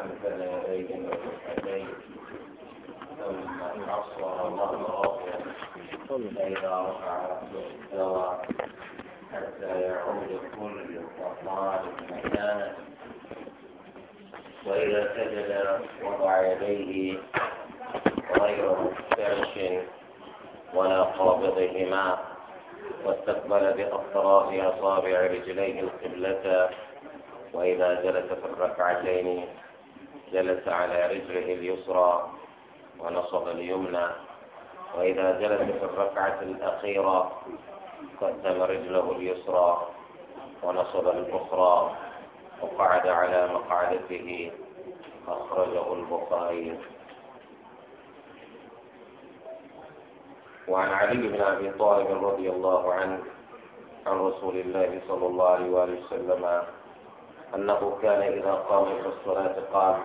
أنزل إليهم الحديث ثم عصر الله راضيا فإذا رفع استوى حتى يعود كل طمار مكانه وإذا سجد وضع يديه غير مفترش ولا قابضهما واستقبل بأطراف أصابع رجليه القبلة وإذا جلس في الركعتين جلس على رجله اليسرى ونصب اليمنى وإذا جلس في الركعة الأخيرة قدم رجله اليسرى ونصب الأخرى وقعد على مقعدته أخرجه البخاري وعن علي بن أبي طالب رضي الله عنه عن رسول الله صلى الله عليه وسلم أنه كان إذا قام في الصلاة قال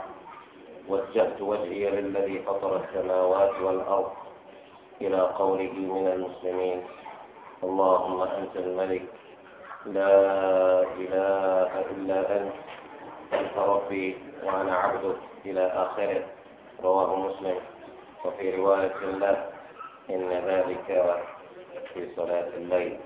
وجهت وجهي للذي فطر السماوات والأرض إلى قوله من المسلمين اللهم أنت الملك لا إله إلا أنت أنت ربي وأنا عبدك إلى آخره رواه مسلم وفي رواية له إن ذلك في صلاة الليل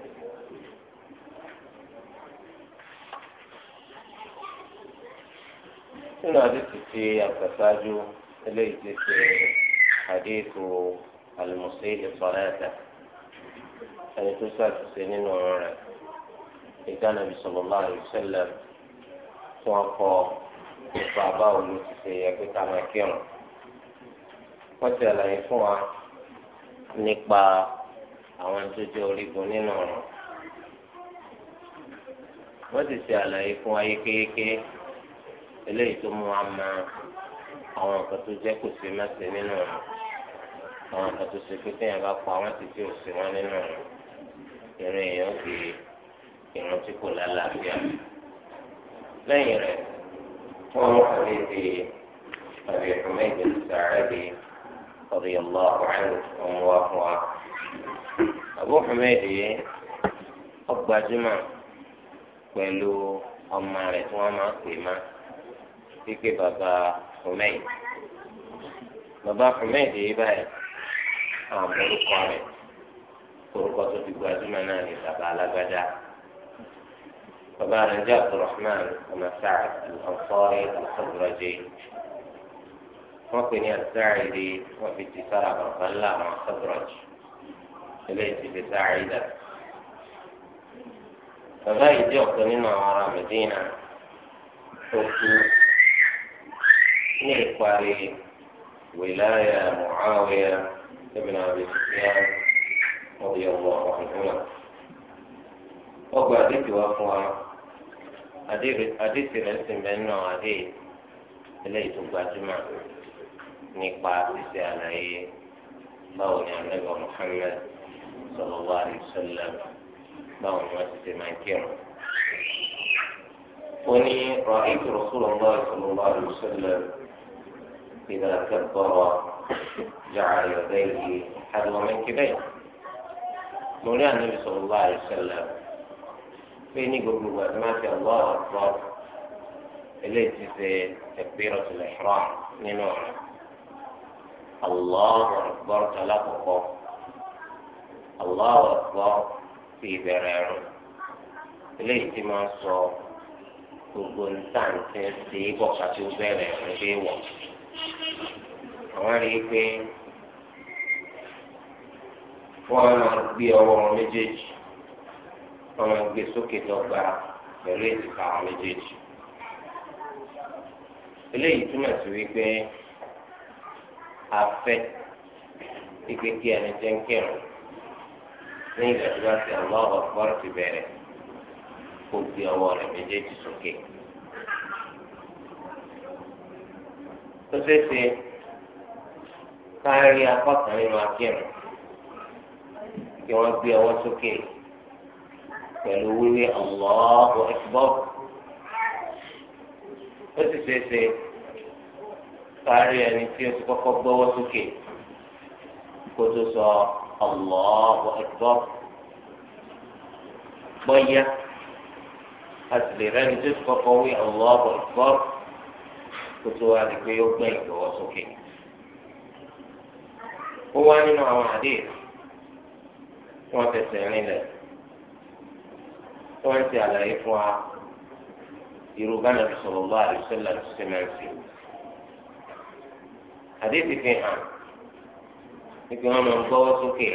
nínú àdéhùn ti àgbàsájú eléyìí ti ṣe àdéhùn àlùmọ̀sí ìsọ̀rẹ́ẹ̀dà ẹni tó ṣàtúnṣe nínú ọ̀rọ̀ rẹ̀ ìdáná bí sallallahu alaihi wasallam tí wọ́n kọ́ nípa báwo ló ti ṣe yẹ pé ká máa kírun. wọ́n ti àlàyé fún wa nípa àwọn tó jẹ́ orígun nínú ọ̀rọ̀ wọ́n ti ṣe àlàyé fún wa yékéyéké eléyìí tó mú wa mọ àwọn nǹkan tó jẹ́ kò sí mẹ́sẹ̀ nínú rẹ̀ àwọn nǹkan tó ṣe pé téèyàn bá pa wọ́n ti tí ò sí wọn nínú rẹ̀ ìrìn èèyàn fi ìrìn tí kò lálàáfíà lẹ́yìn rẹ̀ wọ́n mú àlejò àbí ìrùmẹ́jọ sàrẹ́bí ọ̀rẹ́ ọ̀lá ọ̀hún ọ̀hún wá fún wa. àbú ọ̀hún ọgbàjúmọ̀ pẹ̀lú ọmọ rẹ̀ tí wọ́n máa pè máa. ke bàbá Humaid bàbá de Humaid yìí báyìí àwọn kọ́ rẹ̀ orúkọ tó ti gbajúmọ̀ náà ni bàbá alágbádá bàbá rẹ̀ jẹ́ Abdulrahman ọmọ Sa'ad al-Ansari al-Khazraji wọ́n pè ní As-Sa'idi wọ́n fi ti sára bàbá ńlá àwọn Khazraji eléyìí ti fi Sa'ida bàbá yìí jẹ́ ọ̀kan nínú àwọn ará Mẹ́dínà tó kú. حين يقال ولاية معاوية ابن أبي سفيان رضي الله عنه وقال أديت وأخوة أديت رئيس بأنه أديت إليت باجمع نقاط سيانه بون النبي محمد صلى الله عليه وسلم بون مسجد منكر وني رأيت رسول الله صلى الله عليه وسلم إذا كبر جعل يديه حذو منكبيه مولانا النبي صلى الله عليه وسلم فيني قبل ما في الله أكبر اللي في تكبيرة الإحرام من الله أكبر تلقفه الله أكبر في برعه اللي تماسه gbogbo nta nfẹ ṣe é bọ̀ kàtó bẹ̀rẹ̀ ẹ̀ṣẹ̀ àwọn rí i pé wọ́n gbé ọwọ́ wọn méjèèjì wọ́n gbé sókè dọ́gba pẹ̀lú èjìká wọn méjèèjì. eléyìí túmọ̀ sí wípé afẹ́ ike kí ẹni jẹ́ ń kírun ní ìgbà tí wọ́n ti àwọn ti bẹ̀rẹ̀ kó gbé ọwọ́ méjèèjì sókè. tó ṣeéṣe kárí apá kan nínú akérò kí wọ́n gbé ọwọ́ sókè pẹ̀lú wíwí Allahu Akbar ó sì ṣeéṣe kárí ẹni tí ó ti kọ́kọ́ gbọ́wọ́ sókè kó tó sọ Allahu Akbar bọ́yá a sì lè rẹ́ni tó ti kọ́kọ́ wí Allahu Akbar kó tó wá di pé ó gbẹ ìgbọwọ sókè ó wá nínú àwọn àdéhùn wọn fẹsẹ̀ rinlẹ̀ wọn ti àlàyé fún wa irú bánà sallallahu alaihi wasallam sẹmẹǹsì àdéhùn fi hàn níbi wọn máa ń gbọ́wọ́ sókè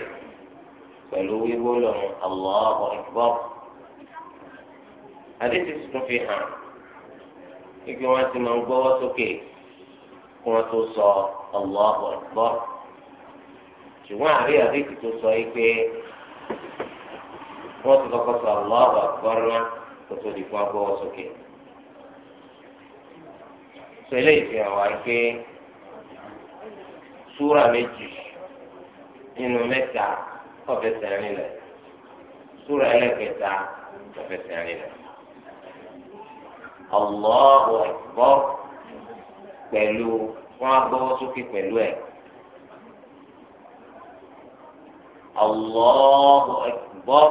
pẹ̀lú wíwó lọ́rùn Allahu Akbar àdéhùn tuntun fi hàn igi wọn ti máa ń gbọ́wọ́ sókè kí wọ́n tó sọ Allahu Akbar ṣùgbọ́n àrí àdéhùn tó sọ yìí pé wọ́n ti kọ́kọ́ sọ Allahu Akbar náà kó tó di fún agbọ́wọ́ sókè. sẹ́lẹ̀ ìfihàn wá pé súrà méjì nínú mẹ́ta kọ̀fẹ́sẹ̀ rìn lẹ̀ súrà ẹlẹ́kẹta kọ̀fẹ́sẹ̀ rìn lẹ̀. Allahu Akbar pẹ̀lú fún agbọ́wọ́ sókè pẹ̀lú ẹ̀. Allahu Akbar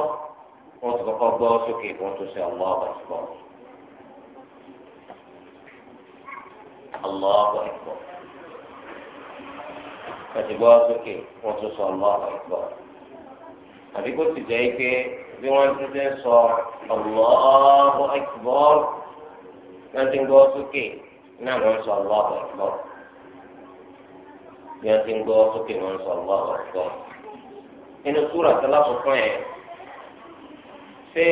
wọ́n ti kọ́kọ́ gbọ́wọ́ sókè wọ́n tó ṣe Allahu Akbar. Allahu Akbar. Wọ́n ti gbọ́wọ́ sókè wọ́n tó ṣe Allahu Akbar. àbí kó ti jẹ́ pé bí wọ́n ti fẹ́ sọ Allahu Akbar wọ́n ti ń gbọ́ sókè náà wọ́n sọ lọ́wọ́ ẹ̀kọ́ bí wọ́n ti ń gbọ́ sókè wọ́n sọ lọ́wọ́ ẹ̀kọ́ nínú súrà tọ́lá fúnfún ẹ̀ ṣé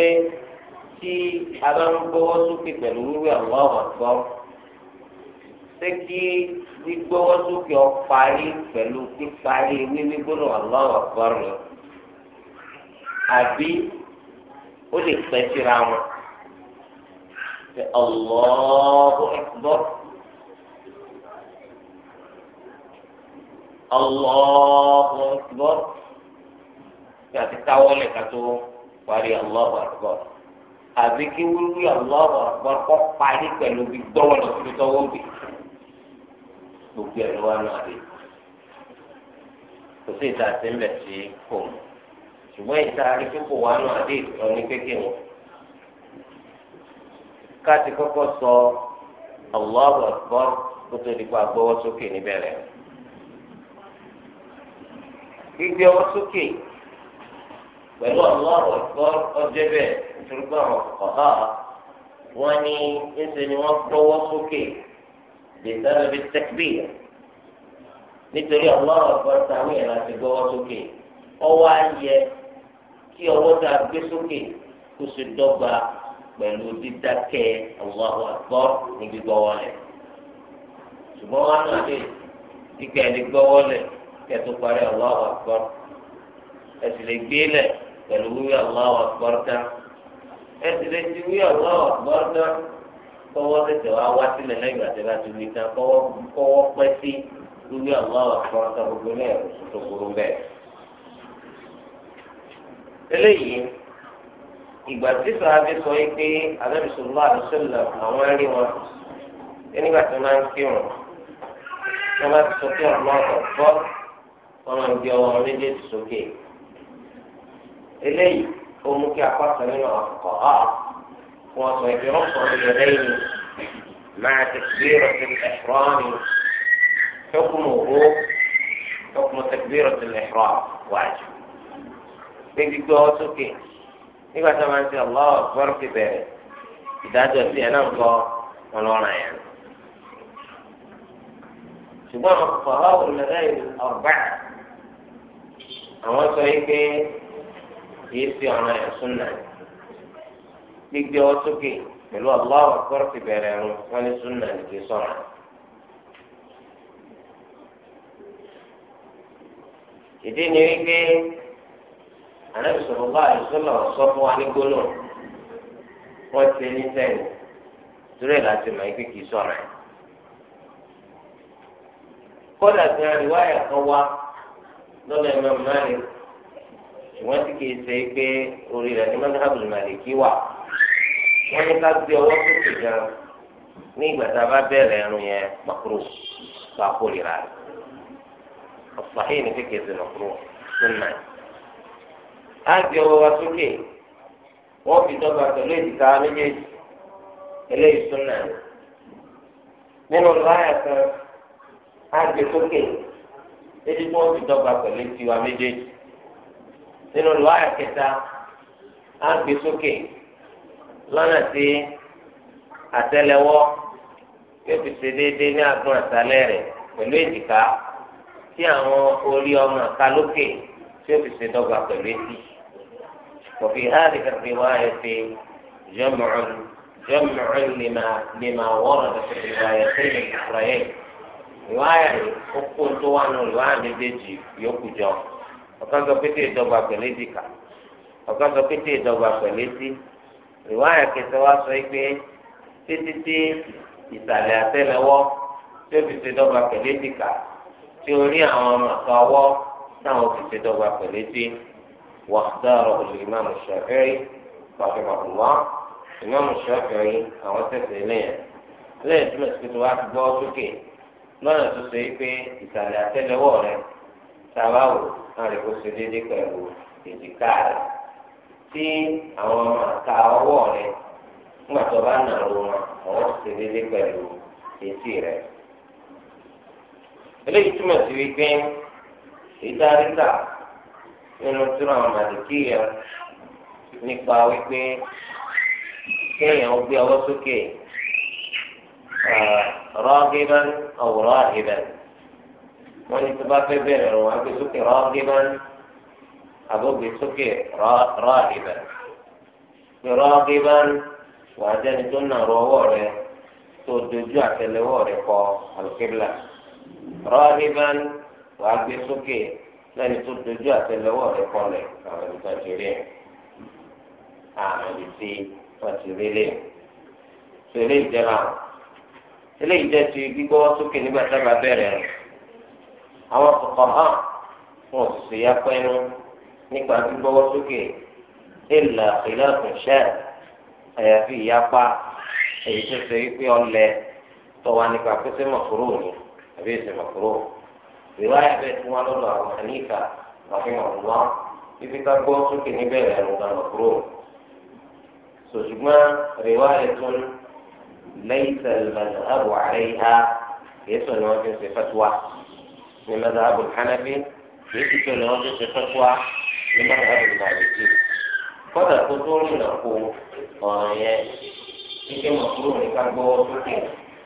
tí a bá ń gbọ́wọ́ sókè pẹ̀lú wíwí àwọn ọ̀gbọ́ ṣé kí gbígbọ́wọ́ sókè ọ parí pẹ̀lú píparí wíwí gbọ́dọ̀ àwọn ọ̀gbọ́ rẹ̀ àbí ó lè pẹ́ síra wọn pé Allahu Akbar Allahu Akbar kí a ti táwọ́lẹ̀ ká tó parí Allahu Akbar àbí kí wíwí Allahu Akbar kọ́ parí pẹ̀lú bí gbọ́wọ́ lọ sí tọ́wọ́ bì gbogbo ẹ̀ ló wà náà rí kò sí ìta sí ń bẹ̀ sí kò ṣùgbọ́n ìta rí fífò wà náà rí ìtọ́ kékeré káti kọ́kọ́ sọ Allahu Akbar kó tó di pa gbọ́wọ́ sókè níbẹ̀rẹ̀. gbígbé ọwọ́ sókè pẹ̀lú Allahu Akbar ọjọ́ bẹ́ẹ̀ nítorí pé àwọn ọ̀há wọn ní ẹsẹ̀ ni wọ́n gbọ́wọ́ sókè lè sára bí tẹ́kbí nítorí Allahu Akbar táwọn èèyàn ti gbọ́wọ́ sókè ọwọ́ á kí ọwọ́ tá gbé sókè kó sì dọ́gba pẹ̀lú dídákẹ́ Allahu Akbar ní gbígbọ́wọ́ lẹ̀. ṣùgbọ́n wọn náà lè kíkẹ́ ẹni gbọ́wọ́ lẹ̀ kẹ́tù parí Allahu Akbar ẹ sì lè gbé lẹ̀ pẹ̀lú wíwí Allahu Akbar ká ẹ sì lè ti wí Allahu Akbar ká kọ́wọ́ tẹ̀tẹ̀ wá wá sílẹ̀ lẹ́yìn àti láti wí ká kọ́wọ́ pẹ́ sí wíwí Allahu Akbar ká gbogbo náà tó kúrú bẹ́ẹ̀. eléyìí ìgbà tí sàbí sọ yìí pé àbẹ̀bí sọlá àdúsọ̀lá àwọn ẹ̀rí wọn nígbà tí wọ́n máa ń kírun wọ́n máa ti sọ pé ọ̀nà ọ̀tọ̀ wọ́n máa ń gbé ọwọ́ méjèèjì sókè. eléyìí ó mú kí apáta nínú àkọ́kọ́ á wọ́n sọ ìdí wọ́n sọ ìdí lẹ́yìn máa ti gbèrò sí ẹ̀fọ́nì tókùnmù owó tókùnmù tẹ̀gbèrò sí ẹ̀fọ́n wájú. gbégbé gbọ́ sókè nígbà tí wọ́n máa ń ṣe Allahu Akbar fi bẹ̀rẹ̀ ìdájọ́ sí ẹ̀ náà kọ́ ọlọ́run yẹn. ṣùgbọ́n àwọn kọ̀ọ̀há òlẹ̀rẹ́ ọ̀gbà àwọn sọ yìí pé kìí ṣe ọ̀ràn yẹn súnà gbígbé ọ sókè pẹ̀lú Allahu Akbar fi bẹ̀rẹ̀ ẹ̀rùn wọn ní súnà nìkè sọ̀rọ̀. ìdí ni wípé. ànábì sọ̀rọ̀ bá àdìsọ́lọ̀ sọ fún wa ní gbólọ̀ wọ́n ti ní sẹ́yìn torí ẹ̀ láti mọ̀ ike kìí sọ̀rọ̀ ẹ̀. kódà tí eme ìwà ẹ̀ kan wá lọ́dọ̀ Imam Malik ṣùgbọ́n tí kìí ṣe pé orí rẹ̀ ní mọ́tàbùlù Màlíkì wà wọ́n ní ká gbé ọwọ́ sókè gan ní ìgbà tá a bá bẹ̀rẹ̀ yẹn pàkúrò pàkúrò ní á gbé ọwọ́ wa sókè wọ́n fi dọ́gba pẹ̀lú èjìká méjèèjì eléyìí súnà nínú láyà kan á gbé sókè ebi tí wọ́n fi dọ́gba pẹ̀lú èjìká méjèèjì nínú láyà kẹta á gbé sókè lọ́nà tí àtẹ́lẹwọ́ yóò fi ṣe déédéé ní àgbọn àtàlẹ́ rẹ̀ pẹ̀lú èjìká tí àwọn orí ọmọ àkàlókè yóò fi ṣe dọ́gba pẹ̀lú èjì. وفي هذه الرواية جمع جمع لما لما ورد في الروايتين الأخريين رواية أقول توانو رواية مدجي يوكو جو وكان قبيتي دوبا بلديكا وكان قبيتي دوبا بلدي رواية كتوا سويكي تتتي ìsàlẹ̀ àtẹ́lẹwọ́ tí ó fi ṣe dọ́gba pẹ̀lẹ́dìkà tí orí àwọn ọmọ واختاره الإمام الشافعي رحمه الله الإمام الشافعي أو تسليه ليه تمسك واحد بوسكي lọ́nà tó so yìí pé ìsàlẹ̀ àtẹ́lẹwọ́ rẹ sábàwò náà lè kó so déédé pẹ̀lú èjìká rẹ tí àwọn àka ọwọ́ rẹ nígbà tó bá nà ló wọn àwọn tó so déédé pẹ̀lú etí rẹ. eléyìí túmọ̀ sí wípé ìdaríta nínú túnú àwọn màdìkíyà nípa wípé kéèyàn ó gbé ọwọ́ sókè rọ́gìbán ọ̀wùrọ̀ àhìbán wọ́n ní tó bá fẹ́ bẹ̀rẹ̀ wọn gbé sókè rọ́gìbán àbógbé sókè rọ́gìbán rọ́gìbán wà á jẹ́ni tó nà rọ ọwọ́ rẹ tó dojú àtẹ́lẹwọ́ rẹ kọ àlùkébìlà rọ́gìbán wà á gbé sókè lẹ́ni tó dojú àtẹ́lẹwọ́ rẹ̀ kọlẹ̀ àwọn ibi tó ti rí ẹ àwọn ibi tí wọn ti rí lé tó eléyìí jẹ náà eléyìí jẹ ti gbígbọ́ sókè nígbà tí a bá bẹ̀rẹ̀ rẹ̀ àwọn kọkọ hàn wọn ò sì yá pẹnu nípa gbígbọ́ sókè ìlà ìlà ìṣẹ àyàfi ìyapa èyí tó ṣe wípé ọlẹ tọwa nípa pé sẹ mọ̀kúrò ni àbí èsì mọ̀kúrò. رواية بيت موان الله أبو حنيفة رحمه الله إذا كان قوسو كني بيلا يوضا مكروه سجما رواية ليس المذهب عليها يسوى نواجه في فتوى من مذهب الحنفي يسوى نواجه في فتوى من مذهب المالكي kọ́dà tó tó rìn nàkó ọ̀ràn yẹn kíkẹ́ mọ̀kúrò ní ká gbọ́ sókè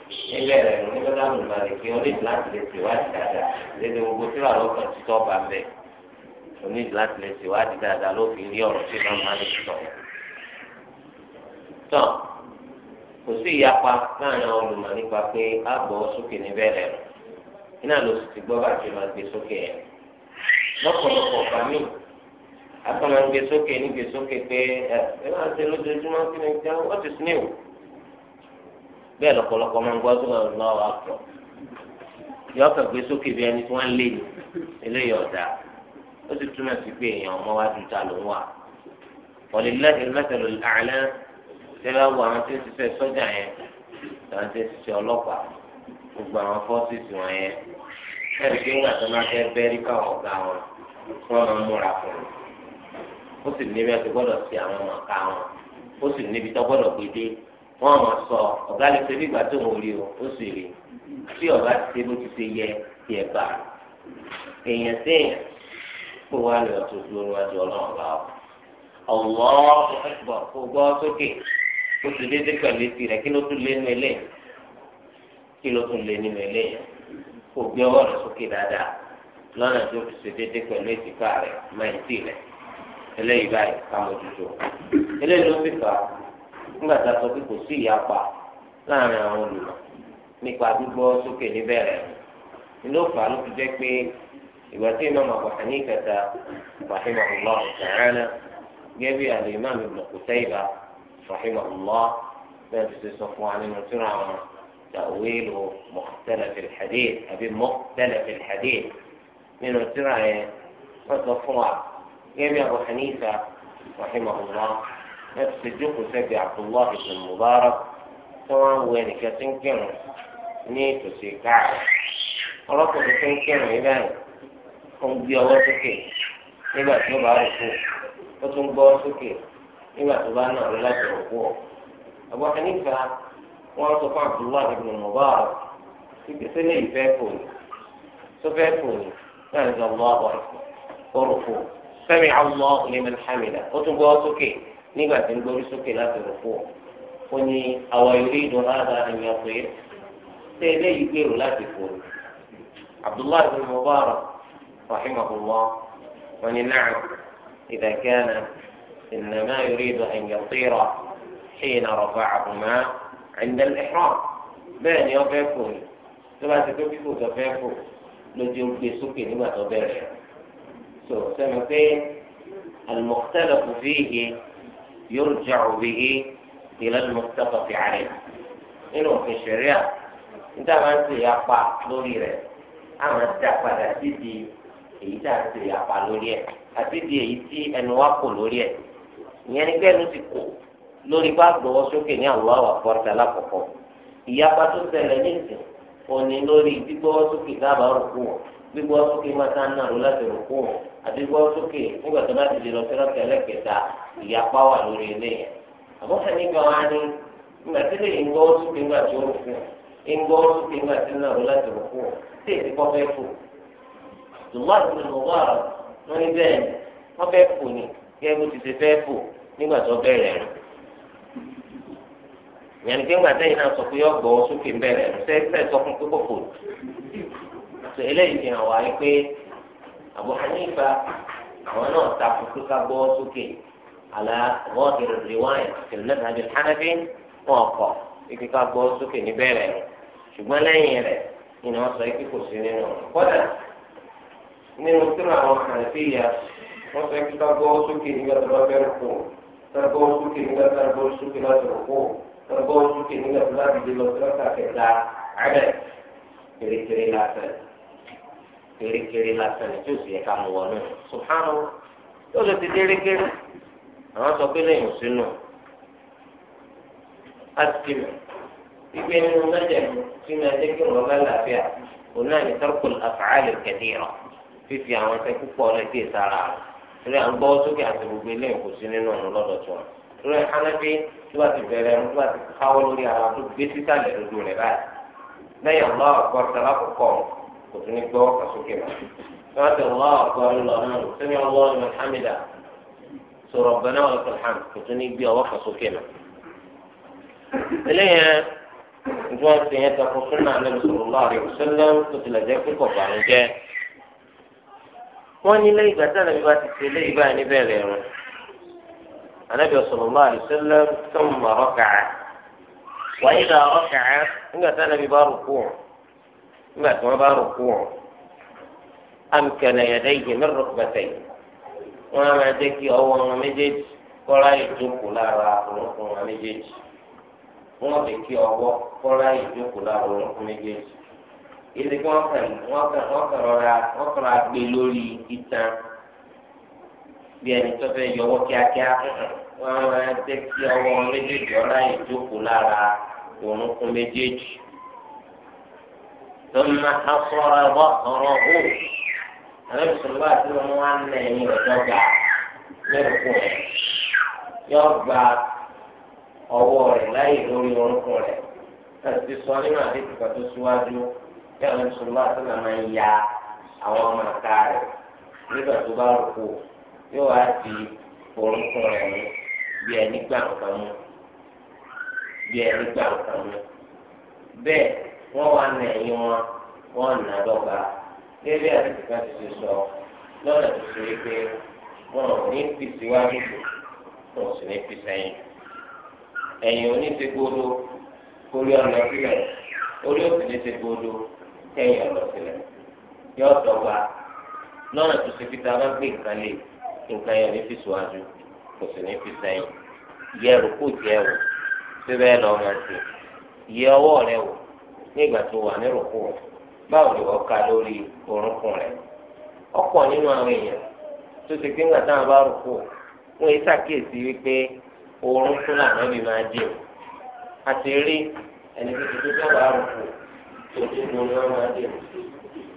nílẹ̀ rẹ̀ ní bẹ́ẹ̀ láwọn ìmọ̀lẹ̀ pé ó ní láti lè ṣèwádìí dáadáa lédè gbogbo tí wàá lọ́kàn tí tọ́ bá bẹ̀ ó ní láti lè ṣèwádìí dáadáa ló fi rí ọ̀rọ̀ tí wọ́n máa ń sọ. tán kò sí ìyapa láàrin àwọn olùmọ̀ nípa pé a gbọ́ sókè níbẹ̀ rẹ̀ iná ló sì ti gbọ́ bá ti máa gbé sókè yẹn lọ́pọ̀lọpọ̀ ọ̀gá mi a kàn máa gbé sókè ní gbé sókè pé ẹ ẹ máa ṣe lójoojúmọ́ kí ni bẹ́ẹ̀ lọ́pọ̀lọpọ̀ máa ń gbọ́ tó lọ́wọ́ lọ́wọ́ àpọ̀ yọ kàn gbé sókè bí ẹni tí wọ́n lé ní eléyìí ọ̀dà ó sì túmọ̀ sí pé èèyàn ọmọ wa ju ta ló ń wà walillahi al-mathalu al-a'la tẹ́lá wo àwọn tí ń ṣiṣẹ́ sọ́jà yẹn àwọn tí ń ṣiṣẹ́ ọlọ́pàá gbogbo àwọn fọ́ọ̀sìsì wọn yẹn ẹ̀rí pé ńgbà tó máa fẹ́ bẹ́rí káwọn ọ̀gá wọn wọ́n máa múra fún un ó sì níbi ẹ̀ tó gbọ́dọ̀ sí àwọn ọmọ ká wọn ó sì níbi tó gbọ́dọ̀ gbé dé wọn mọ sọ ọgá lè ṣe bí ìgbà tó ń rí o ó sì rí tí ọba ti ṣe bó ti ṣe yẹ ti ẹ bá èèyàn séèyàn kó wá lè ọtún dúró níwájú Ọlọ́run bá ọ ọwọ ẹgbọn kó gbọ́ sókè kó sì dédé pẹ̀lú etí rẹ kí ló tún lé nínú ilé kí ló tún lé nínú ilé kó gbé ọwọ́ rẹ sókè dáadáa lọ́nà tó fi ṣe dédé pẹ̀lú ètìká rẹ mọ etí rẹ eléyìí báyìí ká mọ tuntun eléyìí ló fi fà á. nígbà tá a sọ pé kò sí ìyapa láàrin àwọn olùmọ̀ nípa gbígbọ́ sókè níbẹ̀rẹ̀ inú òfà ló fi jẹ́ pé ìgbà tí imo ni Imam Abu Hanifata rahimahullah ta'ala gẹ́gẹ́ ale imo bí ko Ibn Qutaybah rahimahullah bẹ́ẹ̀ ti ṣe sọ fún wa nínú tírà wọn ta'wil mukhtalaf al-hadith àbí mukhtalaf al-hadith nínú tírà yẹn wọ́n sọ fún wa gẹ́gẹ́ bí Abu Hanifa rahimahullah. ẹ ti jókòó sẹ́gbẹ̀ẹ́ Abdullahi ibn Mubarak tí wọ́n wọ ẹnìkan tí ń kírun ní ìtòsí káàrọ̀ ọlọ́kùnrin tí ń kírun yìí báyìí ó ń gbé ọwọ́ sókè nígbà tí ó bá rò kú ó tún gbọ́ sókè nígbà tó bá nà ló láti rò kú ọ. Abu Hanifa wọ́n sọ fún Abdullahi ibn Mubarak títí sílẹ̀ ìfẹ́ kò ní tó fẹ́ kò ní náà ní sọ lọ́wọ́ ọ̀rọ̀ kò sẹ́mi àwọn ọ̀nìmọ̀ ní hàmìlà ó tún gbọ́ sókè. nígbà tí ń gbórí sókè láti rò fún ọ ó ní àwọn ìrírí ìdùnnú àdá ènìyàn pé ṣé eléyìí gbèrò láti fò ó abdullahi bin mubarak rahimahullah wọn ni náà إذا كان إنما يريد أن يطير حين رفعهما عند الإحرام bẹ́ẹ̀ ni ọfẹ́ fò ní tó bá ti tó fífò tó fẹ́ fò lójú gbé sókè nígbà tó bẹ̀rẹ̀ so sẹ́mi pé al-mukhtalafu fihi. يرجع به إلى المتفق عليه nínú òfin ṣẹ̀ríà níta máa ń ṣe apá lórí rẹ̀ a máa dá padà síbi èyí tá a ṣe apá lórí ẹ̀ àti di èyí tí ẹnu wa kò lórí ẹ̀ ìyẹn ni kẹ́nu ti kò lórí bá gbọ́wọ́ sókè ní àwọn àwọn àfọ́rọ́tà lákọ̀ọ́kọ́ ìyapa tó ṣẹlẹ̀ ní ìsìn òní lórí gbígbọ́wọ́ sókè dábàá rò kú wọ̀ gbígbọ́ sókè máa tá a nà ló láti rò kó àti gbígbọ́ sókè nígbà tó láti lè lọ sí lọ́kẹ́ ẹlẹ́kẹta ìyapa wà lórí ilé yẹn. àbúrò ní gan an ni nígbà tí lè ń gbọ́ sókè nígbà tí ó rò fún un ń gbọ́ sókè nígbà tí nà ló láti rò kó tí èsì kọ́ fẹ́ fò. zùmọ́ àti zùmọ́ wọn ní bẹ́ẹ̀ ni wọ́n fẹ́ fò ní kẹ́ bó ti ṣe fẹ́ fò nígbà tó bẹ̀rẹ̀ rẹ̀ ìyẹn ni pé ńgbà tẹ́yìn náà sọ pé ọgbọ̀n sókè ń bẹ̀rẹ̀ rẹ̀ sẹ́ẹ̀ sọ eléyìí fi hàn wá yìí pé Abu Hanifa àwọn náà ta kókó ká gbọ́ sókè àlà wọ́n ti rìn wáyé tìlẹ̀ nàbí hànàbí wọn kọ̀ ike ká gbọ́ sókè níbẹ̀rẹ̀ ṣùgbọ́n lẹ́yìn rẹ̀ ìnà sọ ike kò sí nínú kọ́dà nínú tí àwọn hànàbí yà wọ́n sọ ike ká gbọ́ sókè nígbà tó bá bẹ̀rẹ̀ kù ká gbọ́ sókè nígbà tó bá gbọ́ sókè láti rò kù ká gbọ́ sókè nígbà tó bá bìí lọ sí lọ́kà kẹta àbẹ̀ kéré kéré láti rẹ̀ kérékéré lásán ní tí ó sì yẹ ká mú wọnú subhanahu tó lè ti kérékéré àwọn sọ pé lẹ́yìn sínú asikimu gbígbé nínú mẹjẹ sínú ẹjẹ kí wọn bá làáfíà òun náà ní sọkùl àfààlì kẹdìrọ fífi àwọn ẹsẹ púpọ̀ rẹ dé sára rẹ rẹ à ń gbọ́ sókè àti gbogbo eléyìí kò sí nínú ọ̀nà lọ́dọ̀ tó wọn lórí hanabi tó bá ti bẹ̀rẹ̀ ẹnu tó bá ti káwọ́ lórí ara tó gbé sísàlẹ̀ lójú rẹ báyìí lẹ́yìn ọlọ́ọ̀kọ́ sábà kọ̀ọ̀kan. kò tún ní gbọ́ kàsókè mọ́. sọ́dọ̀ ọlọ́ àkọ́rọ́ ńlọ náà ló sẹ́mi ọlọ́ ìmọ̀ hàmìdá sọ̀rọ̀ bẹ̀rẹ̀ wọn kò hàn kò tún ní gbé ọwọ́ kàsókè mọ́. eléyẹn ìjọ ti yẹn takò fún náà lẹ́nu sọ̀rọ̀ láàrin òṣèlú tó tilẹ̀ jẹ́ pé kò bàrún jẹ́. wọ́n ní lẹ́yìn ìgbà tí àlẹ́ bá ti ṣe lẹ́yìn báyìí níbẹ̀rẹ̀ rẹ̀ النبي صلى الله عليه وسلم ثم ركع وإذا ركع إن كان ببار ركوع nígbà tí wọ́n bá rò kú wọn amkana yadayhi min rukbatayhi wọ́n á máa jẹ́ kí ọwọ́ wọn méjèèjì kọ́ra ìjókòó lára orúnkún wọn méjèèjì wọ́n lè kí ọwọ́ kọ́ra ìjókòó lára orúnkún méjèèjì èdè kí wọ́n kàn wọ́n kàn wọ́n kàn rọra wọ́n kàn rọra gbé lórí itan bí ẹni tó fẹ́ yọwọ́ kíákíá wọ́n á máa jẹ́ kí ọwọ́ méjèèjì ọ̀rá ìjókòó lára orúnkún méjèèjì. ثم حصر ظهره النبي صلى الله عليه وسلم وعن يعني وجع يركون يرجع أوار لا يدور يركون ففي صالما تسواجه كان النبي صلى الله يا أو ما كاره nígbà tó bá rò kó yóò wá di orúkọ rẹ̀ mú wọ́n wá nà ẹ̀yìn wọn wọ́n nà dọ́gba délé àtìkà ti ti sọ lọ́nà tó ṣe pé wọn ò ní fi síwájú kù wọn ò sì ní fi sẹ́yìn ẹ̀yìn òní ti gbódò orí ọ̀nà sílẹ̀ orí òsì ní ti gbódò kẹ́yìn ọ̀nà sílẹ̀ yọ dọ́gba lọ́nà tó ṣe fi ta bá gbé nǹkan lé nǹkan yẹn ní fi síwájú kò sì ní fi sẹ́yìn yẹ̀rù kò jẹ́ wò síbẹ̀ lọ́mọ sí yẹ ọwọ́ rẹ wò. ní ìgbà tó wà ní rògbò báwo ni ka lórí orúnkún rẹ ọpọ nínú àwọn èèyàn tó ti pé ńgbà táwọn bá rògbò yìí ṣàkíyèsí wípé orúnkún làwọn ẹbí máa jẹ o àti rí ẹni tó ti tó dábàá rògbò tó ti máa jẹ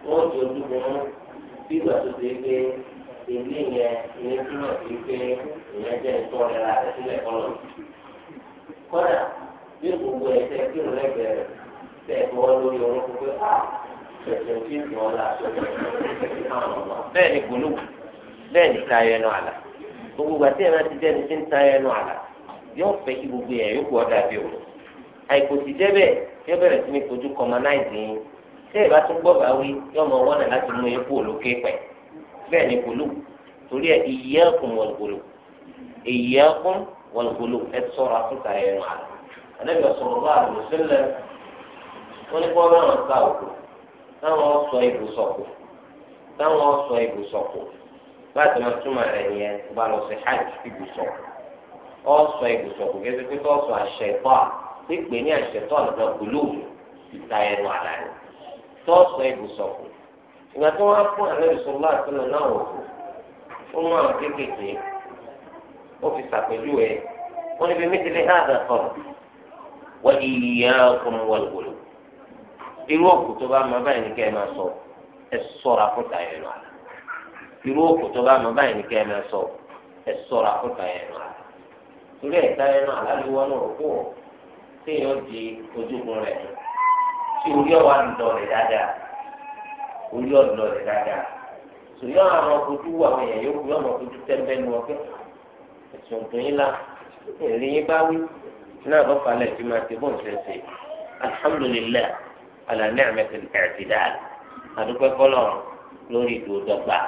o tó dúró tó ti ilé yẹn ní túmọ̀ sí pé ìyẹn jẹ́ rẹ̀ sílẹ̀ kọ́dà bí gbogbo ẹ̀ bẹ́ẹ̀ bọ́ lórí orúkọ pé á ah, ṣẹ̀ṣẹ̀ tí ń bọ̀ ọ́lá bẹ́ẹ̀ ni gbòlù bẹ́ẹ̀ ni tayọ ẹnu àlà gbogbo ìgbà tí ẹ̀rọ ti jẹ́ ni ti ń tayọ ẹnu àlà yóò fẹ́ kí gbogbo yẹn yóò gbọ́ dàbí o àìkò sì jẹ́ bẹ́ẹ̀ yóò bẹ̀rẹ̀ sí ní kojú kọmanáìsì yín tẹ́ ẹ̀ bá tún gbọ́ bá wí yóò mọ wọ́nà láti mú yín kú òlókè pẹ̀ bẹ́ẹ̀ ni gbòlù torí ẹ̀ ìyẹ́kùn wọ̀lùgbòlù ìyẹ́kùn wọ̀lùgbòlù ẹ̀ sọ̀rọ̀ àtúntà ẹnu àlà wọ́n ní kí wọ́n náà sá òkú táwọn sọ ibùsọ̀kù táwọn sọ ibùsọ̀kù láti máa túmọ̀ rẹ̀ yẹn bá lọ sí hajj ibùsọ̀kù ọ sọ ibùsọ̀kù kẹsí pé kọ́ sọ àṣẹtọ́ à pípé ní àṣẹtọ́ àlọ́dọ̀ gbòló ìta ẹnu àlá rẹ̀ tọ́ sọ ibùsọ̀kù ìgbà tí wọ́n á fún àlẹ́ ìṣòro láti lọ náà wò ó mú àwọn kéékèèké ó fi ṣàpèjúwe wọn níbi mí ti lè há àdàkọ wọ́n ìyá ọkùnrin wọ́n lò irú òkú tó bá máa báyìí ní kẹ́ ẹ máa sọ ẹ sọ̀rọ̀ àkútà yẹn lọ àlà irú òkú tó bá máa báyìí ní kẹ́ ẹ máa sọ ẹ sọ̀rọ̀ àkútà yẹn lọ àlà torí ẹ̀ta yẹn náà aláliwọ́ náà kú ọ̀ téèyàn di ojúkun rẹ̀ tí orí ọ̀wà ń lọ dáadáa orí ọ̀ lọ rẹ̀ dáadáa sòrí àwọn ojú àwọn èèyàn yóò kú ọmọ ojú tẹ́ńbẹ́ nu على نعمة الاعتدال أدوك فلان لوري دو دبا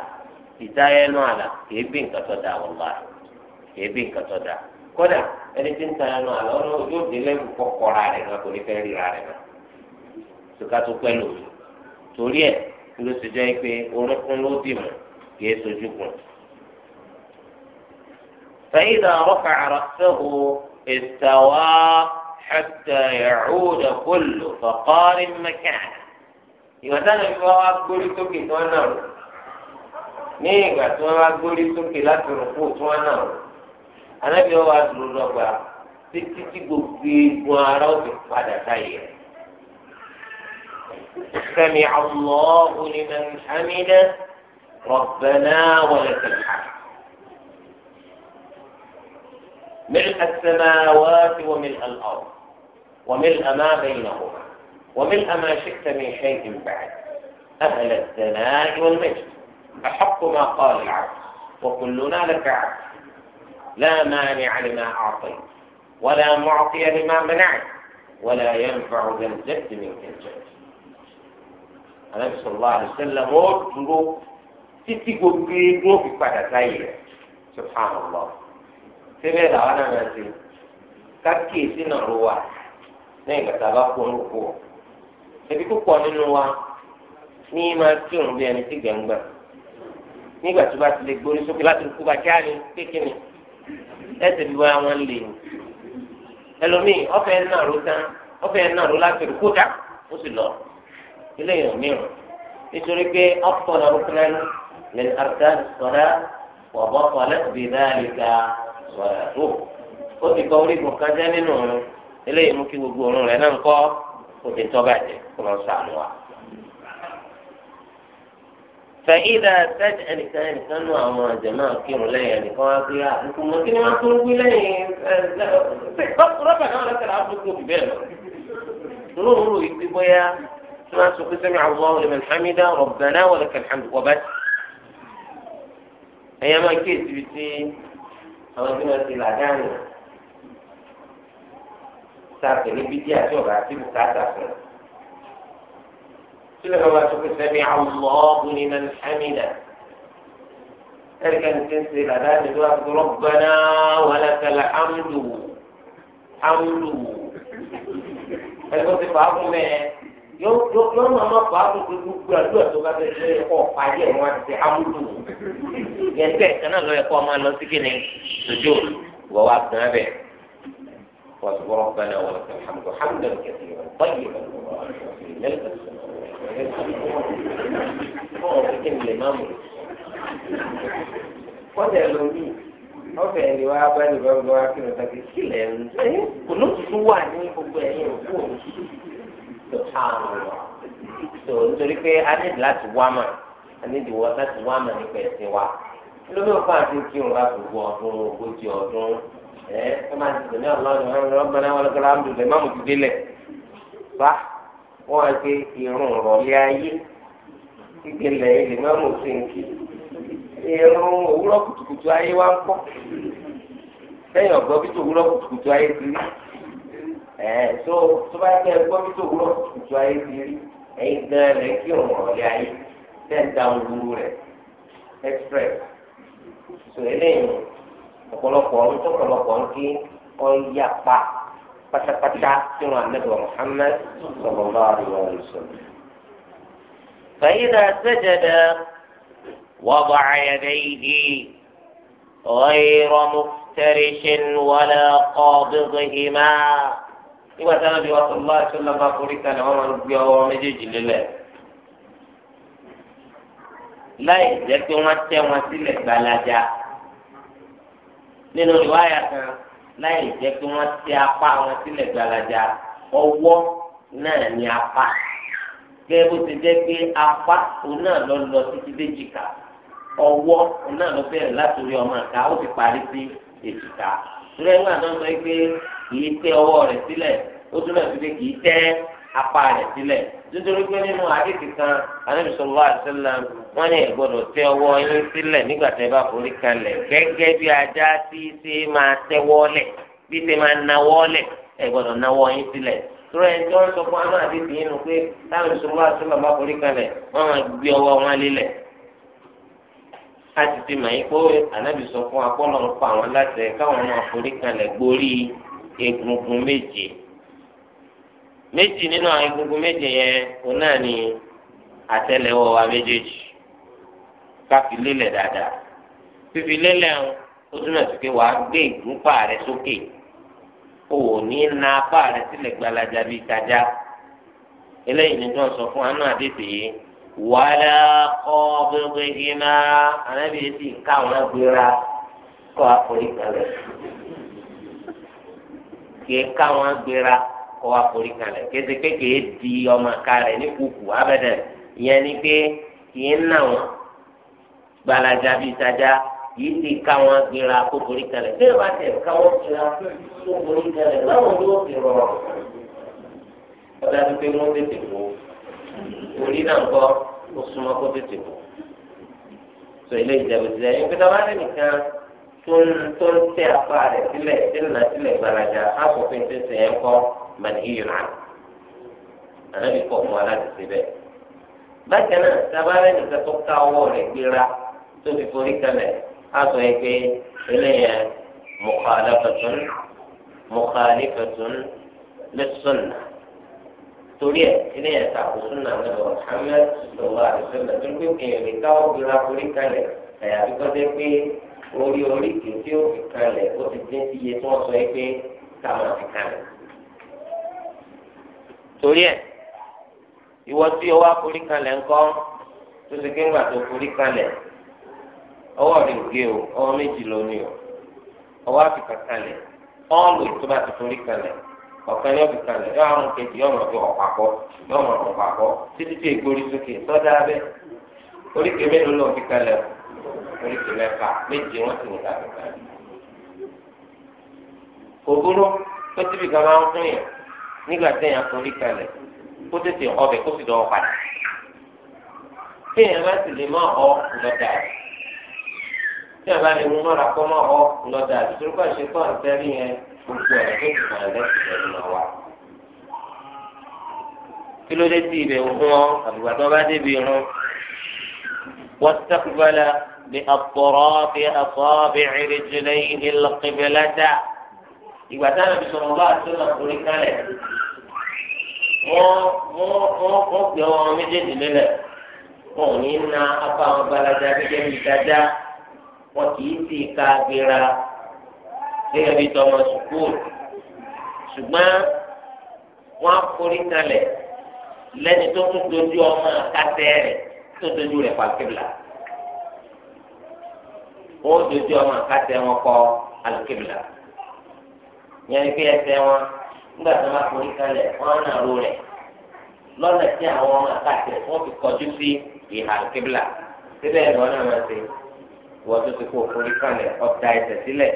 إتايا نوالا يبين كتودا والله يبين كتودا kódà ẹni tí ń tan ẹnu àlọ́ ọ̀rọ̀ ojú òde lẹ́rù kọ́kọ́ra rẹ̀ náà kò ní fẹ́ ríra rẹ̀ náà sùkà tó pẹ́ torí ẹ̀ ló ti jẹ́ pé orúnkún ló dì mọ́ kì sojú kùn. فإذا رفع رأسه استوى حتى يعود كل فقار مكانه يوتانا يبقى كل توكي توانا نيغا توانا كل توكي لا تنقو توانا أنا بيوا أزلو ربا تتتي بوكي بواراو تفادا تاير سمع الله لمن حمد ربنا ولك الحمد ملء السماوات وملء الأرض وملء ما بينهما وملء ما شئت من شيء بعد أهل الثناء والمجد أحق ما قال العبد وكلنا لك عبد لا مانع لما أعطيت ولا معطي لما منعت ولا ينفع ذا الجد منك الجد النبي صلى الله عليه وسلم dúró títí سبحان الله fi padà sáyé rẹ̀ subhanallah síbẹ̀ làwọn lẹ́yìn gbàtà bá kó ń ebi púpọ̀ nínú wa ní máa tí òun bí ẹni tí gbẹ̀ngbà nígbà tó bá ti lè gbórí sókè láti kú bá kíá ni kékeré ẹsẹ̀ bí wọ́n wọn lè ní ẹlòmíì ọ̀fẹ́ náà ló tán ọ̀fẹ́ náà ló láti rí kódà ó sì lọ ilé ìrìn mìíràn nítorí pé ọ̀pọ̀ náà lè eléyìí mú kí gbogbo òórùn rẹ̀ náà ń kọ́ òde tó bàjẹ́ kó lọ sàánú wa. fẹ̀yìdà sẹ́ẹ̀dì ẹnìkan ẹnìkan nú àwọn àjẹmọ́ kírun lẹ́yìn ẹnìkan wá pé àbùkù mọ́ kí ni wọ́n tún wí lẹ́yìn rọ́bà náà lọ́sẹ̀rẹ̀ àbùkù òbí bẹ́ẹ̀ lọ. olóòórùn rò bóyá tí wọ́n sọ pé sẹ́mi àwọn ọmọ ìlú hamida náà ti là tá a pèlè bídíà tí ọ̀rọ̀ àti bùkátà fún un. sílẹ̀ bàbá tó fẹ́ mi Allahu liman hamida. ẹ̀ríkà ní ti ń ṣe làdá ni wọ́n á fi rabbana wa lakal hamdu hamdu. ẹ̀kọ́ ti fà á fún mẹ́ẹ̀ yóò yóò fà á fún gbogbo àdúrà tó bá fẹ́ ṣe ẹ̀kọ́ pàdé ẹ̀ wọ́n ti hamdu. yẹn tẹ̀ kaná lọ ẹ̀kọ́ máa lọ sí kíni sojú wọ́n واذكر ربنا ولك الحمد حمدا كثيرا طيبا مباركا فيه ملء السماء wọ́n tẹ̀ lómi ọ̀fẹ́ ẹni wá bá ní bá wá kí ló tàbí sílẹ̀ ń sẹ́yìn kò ló tún wà ní gbogbo ẹ̀yìn òkú òun tó hàn wá tó nítorí pé a ní láti wá mà a ní ìdíwọ́ láti wá mà nípa ẹ̀sìn wa lómi òfin àti kírun bá gbogbo ọdún ogójì ọdún ẹ ọlọ́run ọ̀hún má mú ti délẹ̀ fa wọ́n á gbé irun rọ̀lẹ́ ayé ìgbélẹ̀ ilé má mú sí nkí irun òwúrọ̀ kùtùkùtù ayé ń pọ̀ sẹ́yìn ọ̀gbọ́n bí tó kùtùkùtù ayé ti rí ẹ̀ tó tó bá yẹ bí tó kùtùkùtù ayé ti rí gan rẹ̀ kí irun rọ̀lẹ́ ayé tẹ̀ ń da rẹ̀ express ọ̀pọ̀lọpọ̀ ọ̀hún tọ́pọ̀lọpọ̀ ń kí ọ̀yà pa pátápátá tí wọn àmẹ́bọ̀ Muhammad sọ̀rọ̀lá àríwá ìṣọ̀. فإذا سجد وضع يديه غير مفترش ولا قابضهما nígbà tí alábi wa sọlá àṣọlá bá forí kalẹ̀ wọn máa ń gbé ọwọ́ méjèèjì lélẹ̀ láì jẹ́ pé wọ́n tẹ́ wọn sílẹ̀ gbalaja nínú ìwáyà kan láì jẹ́ pé wọ́n ti apá wọn sílẹ̀ gbalaja ọwọ́ náà ní apá gẹ́gẹ́ bó ti jẹ́ pé apá òun náà lọ lọ títí déjìká ọwọ́ òun náà lọ bẹ̀rẹ̀ látòrí ọmọ àká ó ti parí sí èjìká rẹ̀ ń náà sọ pé kì í tẹ ọwọ́ rẹ̀ sílẹ̀ ó túnbọ̀ sí pé kì í tẹ́ apá rẹ̀ sílẹ̀ nítorí pé nínú àdìsí kan Ànábì sallallahu alaihi wasallam wọ́n ní ẹ tẹ ọwọ́ sílẹ̀ nígbà bá forí kalẹ̀ gẹ́gẹ́ bí ajá tí ṣe máa lẹ̀ bí ṣe máa nawọ́ lẹ̀ nawọ́ yín sílẹ̀ ẹni tí wọ́n sọ fún àdìsí yín nu pé táwọn bá forí kalẹ̀ wọ́n máa gbé ọwọ́ wọn lélẹ̀ láti ti mọ̀ pé ànábì fún akọ́lọ́ méjì nínú àwọn egungun méje yẹn òun náà ni àtẹ́lẹwọ́ wa méjèèjì káfi lélẹ̀ dáadáa fífi lélẹ̀ ń ó túmọ̀ sí pé wà á gbé ìgúnpá rẹ sókè o ò ní na apá rẹ sílẹ̀ gbalaja bíi tajà eléyìí ni tó ń sọ fún anú gbogbo sì kọ́ kọ́ wa forí kalẹ̀ kéde kékeré di ọmọ ká rẹ̀ ní kùkù abẹ́dẹ̀ ìyẹn ni pé kì í nà wọn gbalaja bíi tajà yìí ti ká wọn gbéra kó forí kalẹ̀ bí ẹ bá tẹ̀ ká wọn gbéra kó forí kalẹ̀ báwọn ló fi rọrùn ọ̀dà tó pé wọ́n tètè wò orí náà ń kọ́ ó súnmọ́ kó tètè wò sọ ilé ìjẹ̀bù sílẹ̀ yìí pé rẹ̀ nìkan tó ń tó ń tẹ apá rẹ̀ sílẹ̀ sílẹ̀ gbalaja á kò fi ń tẹ̀sẹ̀ ẹ̀ kọ́ manhiyun an anabi kọ fún wa láti ṣe bẹ́ẹ̀ bákan náà sábàárẹ nìkan tó ká ọwọ́ rẹ̀ gbéra tó fi forí kalẹ̀ á sọ yẹ pé eléyẹ mukhalafatun mukhalifatun lis-sunnah torí ẹ eléyẹ ta kò sunna nílò Muhammad sallallahu alaihi wasallam tó ń gbé kéèyàn lè ká ọwọ́ gbéra forí kalẹ̀ àyàfi kọ́ dé pé orí orí kìí tí ó fi kalẹ̀ ó ti dín sí iye tí sọ yẹ pé ká máa fi torí ẹ ìwọ tí ọwọ́ àforí kanlẹ̀ ńkọ́ tó ti gbé o ọwọ́ méjì o ọwọ́ àfikà kanlẹ̀ ọ̀ọ́lù tó bá ti forí kanlẹ̀ ọ̀kan yóò fi kanlẹ̀ yóò àwọn kejì yóò mọ̀ fi ọ̀pàpọ̀ yóò mọ̀ ọ̀pàpọ̀ títí tí ègbórí sókè sọ́dá abẹ́ mélòó fi mẹ́fà wọ́n nígbà téèyàn forí kalẹ̀ kó tètè ọbẹ̀ kó sì dọ̀wọ́ padà téèyàn bá sì lè má ọ lọ́dà téèyàn bá lè mú mọ́ra kọ́ má ọ lọ́dà ìṣòro bá ṣe fún àǹtẹ́rì yẹn gbogbo ẹ̀ tó ti bàrẹ̀ lẹ́sìn lẹ́nu náà kí ló dé tí ibẹ̀ ń ọ àbùgbà tó bá débi irun wọ́n ti sẹ́kù bí àpọ̀rọ̀ bí àpọ̀ bí ìrìnjìnlẹ̀ ìgbà táwọn ibi sọ̀rọ̀ bá àti ọ̀nà orí kálẹ̀ wọ́n wọ́n gbé wọn méjèèjì lélẹ̀ wọn ò ní na apá wọn balaja gẹ́gẹ́ bí dájá wọn kì í sì ka gbéra gẹ́gẹ́ bí tọmọ sùkúl ṣùgbọ́n wọ́n forí kalẹ̀ lẹ́ni tó tún dojú ọmọ àkàtẹ́ rẹ̀ tó dojú rẹ̀ pàkébìlà wọ́n dojú ọmọ àkàtẹ́ wọn kọ́ alùkébìlà yẹn pé ẹsẹ̀ wọn nígbà tí wọ́n forí kalẹ̀ wọ́n náà ro rẹ̀ lọ́nà tí àwọn ọmọ àkàtẹ̀ wọ́n fi kọjú sí ìhà kíbla síbẹ̀ ni wọ́n náà máa ṣe wọ́n tó ti kó forí kalẹ̀ ọ̀tá ẹsẹ̀ sílẹ̀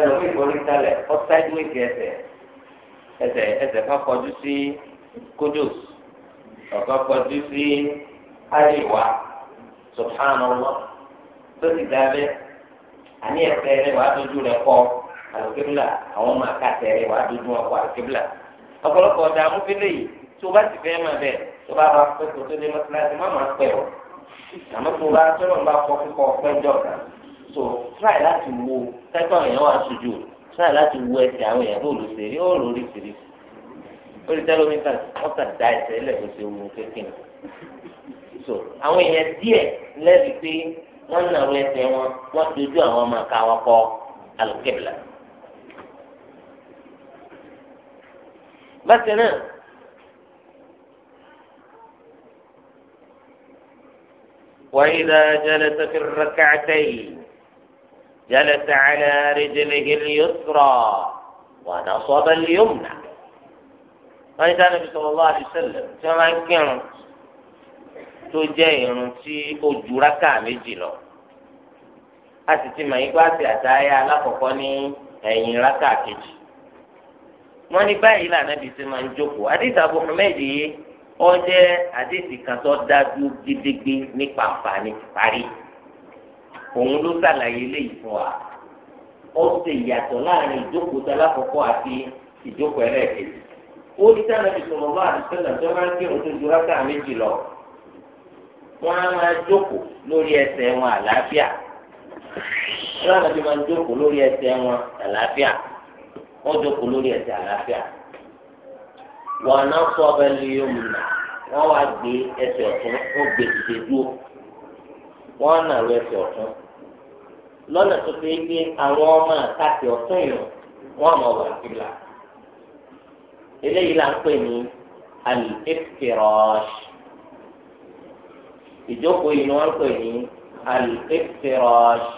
ẹlòmí forí kalẹ̀ ọ̀tá ìdúwèsì ẹsẹ̀ ẹsẹ̀ ẹsẹ̀ kan kọjú sí kódòs ọ̀kan kọjú sí àríwá subhanallah tó ti dábẹ́ àní ẹsẹ̀ rẹ̀ wàá dojú rẹ̀ kọ́ àlùkébìlà àwọn ọmọ àkàtẹ rẹ wàá dúdú ọkọ àlùkébìlà ọ̀pọ̀lọpọ̀ ọ̀dà amúfẹ́lẹ́ yìí tí o bá ti fẹ́ máa bẹ̀ tó bá bá pẹ́ tó tó dé mọ́tíláṣí má máa pẹ́ o àmọ́ tó bá tó lọ́n bá kọ́ kíkọ́ ọ̀pẹ́ jọ̀ọ̀ta so try láti wo tẹ́tọ̀ èèyàn wà sójú try láti wo ẹsẹ̀ àwọn èèyàn bó lóṣè rí ó lórí sírí ó lè tẹ́lómi tàn wọ́n kàn da ẹsẹ̀ ilẹ̀ tó ṣe wù kékeré so àwọn èèyàn díẹ̀ lẹ́bi pé wọ́n nàró ẹsẹ̀ wọn wọ́n dojú àwọn ọmọ àká wọn kọ alùkẹ́bìlà ما تنام وإذا جلس في الركعتين جلس على رجله اليسرى ونصب اليمنى فإذا النبي صلى الله عليه وسلم كما كان تجين في أجورة كاملة أتتم إقاسي أتايا لفقني أين ركعتين wọ́n ní báyìí lànà bí ṣe máa ń jókòó àdìsí Abu Humayd yìí ó jẹ́ àdìsí kan tó dájú gédégbé nípa àǹfààní parí òun ló ṣàlàyé léyìí fún wa ó ṣe ìyàtọ̀ láàrin ìjókòó tó alákọ̀ọ́kọ́ àti ìjókòó ẹlẹ́ẹ̀kejì ó ní sáà bí sọ̀rọ̀ bá àdìsọ́nà tó máa ń gbé òun tó ju rákà méjì lọ wọ́n á máa jókòó lórí ẹsẹ̀ wọn àlàáfíà wọ́n á máa jókòó lórí ẹsẹ̀ wọn àlàáfíà wọ́n jókòó lórí ẹsẹ̀ àlàáfíà wọn náà sọ ọbẹ lóyún mi nà wọ́n wá gbé ẹsẹ̀ ọ̀tún ó gbé dìde dúró wọ́n nà lọ ẹsẹ̀ ọ̀tún lọ́nà tó fi gbé àwọn ọmọ àtàkì ọ̀tún yìí wọ́n mọ wà fìlà eléyìí là ń pè ní al-iftirash ìjókòó yìí ni wọ́n pè ní al-iftirash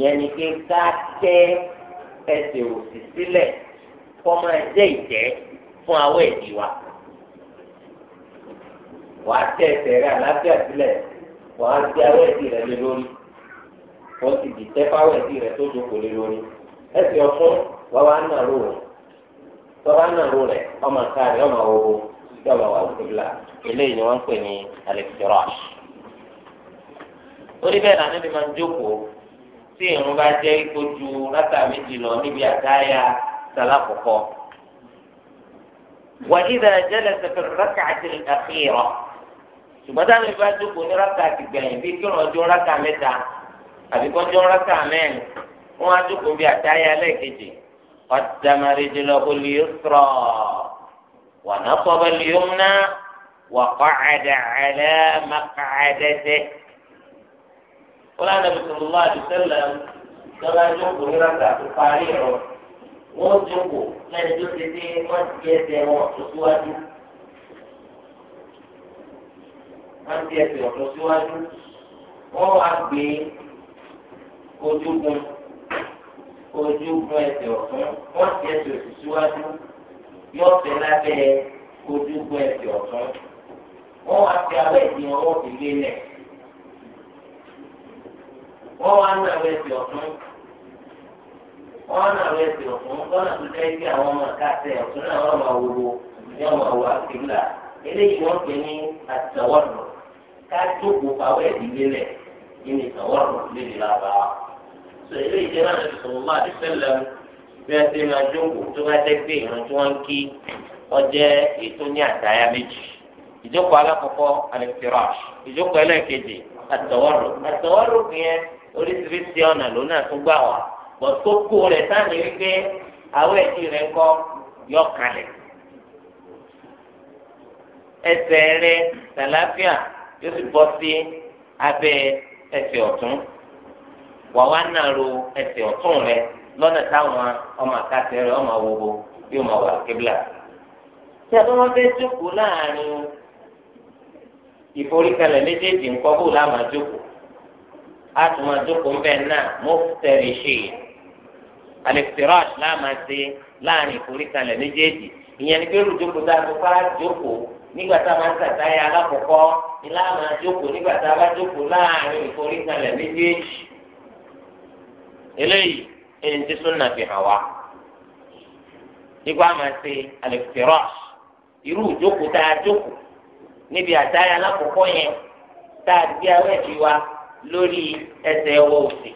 yẹn ni pé ká tẹ́ ẹsẹ̀ òsì sílẹ̀ kọ́ máa jẹ́ ìjẹ́ fún awọ ẹ̀dì wa. wà á tẹ ẹsẹ̀ rẹ àlàáfíà sílẹ̀ wà á gbé awọ ẹ̀dì rẹ lé lórí kó o sì dìtẹ́ fáwọ ẹ̀dì rẹ tó jókòó lé lórí. ẹsẹ̀ ọ̀fun wà wá nà ró rẹ̀ tọ́ba nà ró rẹ̀ ọmọ káàrí ọmọ owó yọ̀bọ̀ wà wùdúgbìlà eléyìí ni wọ́n ń pè ní alẹ́kìtìrọ́ọ̀ṣì. orí bẹ́ẹ̀ ni tí ìrun bá jẹ́ ìkojú rákà méjì lọ níbi àtáyà sàlákọ̀kọ́. wà ìdá jẹ́lẹ̀ sẹ̀fẹ̀ rákà àti àfihàn ṣùgbọ́n táwọn ìbá jókòó ní rákà ti gbẹ̀yìn bí kí wọ́n jó rákà mẹ́ta àbí kọ́ jó rákà mẹ́rin wọ́n á jókòó bí àtáyà lẹ́ẹ̀kejì ọ̀dàmàrèjìlọ olùyọ́sọ̀rọ̀ wà náà sọ wọn lànà bìtìmù lọ àdìsẹlẹ lọlá jókòó ní rákà tó parí ẹ̀rọ wọn jókòó lẹni tó ti dé wọn ti ẹsẹ̀ wọn tó síwájú wọn ti ẹsẹ̀ wọn tó síwájú wọn wá gbé ojúgun ojúgun ẹsẹ̀ ọ̀tún wọn ti ẹsẹ̀ òsì síwájú yóò fẹ́ lábẹ́ ojúgun ẹsẹ̀ ọ̀tún wọn wá fi awọ ẹdín ọwọ́ fi lélẹ̀. wọ́n wá ní àwọn ọ̀tún ọ̀tún lọ́nà tó jẹ́ kí àwọn ọmọ ọ̀tún náà wọ́n máa wúwo ní ní àtìsọ̀wọ́dù kájókòó pàwọ́ ẹ̀dí lélẹ̀ ní ìsọ̀wọ́dù ìjókòó alákọ̀ọ́kọ́ ìjókòó ẹlẹ́ẹ̀kejì oríṣiríṣi ọ̀nà ló náà tún gbà wá bọ̀ tó kú rẹ̀ sáàni wípé àwọn ẹ̀sìn rẹ̀ kọ́ yọ kalẹ̀ ẹsẹ̀ rẹ̀ tàlàfíà yóò sì bọ́ sí abẹ́ ẹsẹ̀ ọ̀tún wà wá náà ro ẹsẹ̀ ọ̀tún rẹ̀ lọ́nà táwọn ọmọ àkàtẹ̀ rẹ̀ ọmọ àwòwò yóò máa wà kébìlà tí a bá wọn fẹ́ jókòó láàrin ìforíkalẹ̀ méjèèjì ńkọ́ bó láàmà jókòó àtúmọ̀ jókòó bẹ́ẹ̀ náà mọ́tẹ́rìṣì alẹ́kítírọ́ọ̀ṣì láàmásẹ́ láàrin ìforíkalẹ̀ méjèèjì ìyẹn ni pé olùjókòó tá a tó fara jókòó nígbà tá a máa ń sàtáyà alákọ̀ọ́kọ́ ni láàmà jókòó nígbà tá a bá jókòó láàrin ìforíkalẹ̀ méjèèjì eléyìí ẹni tí súnà fi hàn wá nígbà máa ṣe alẹ́kítírọ́ọ̀ṣì irú ìjókòó tá a jókòó níbi àtáyà alákọ̀ọ́kọ́ yẹn tá a awẹ́ ti wa lórí ẹsẹ̀ ẹwọ́ òsì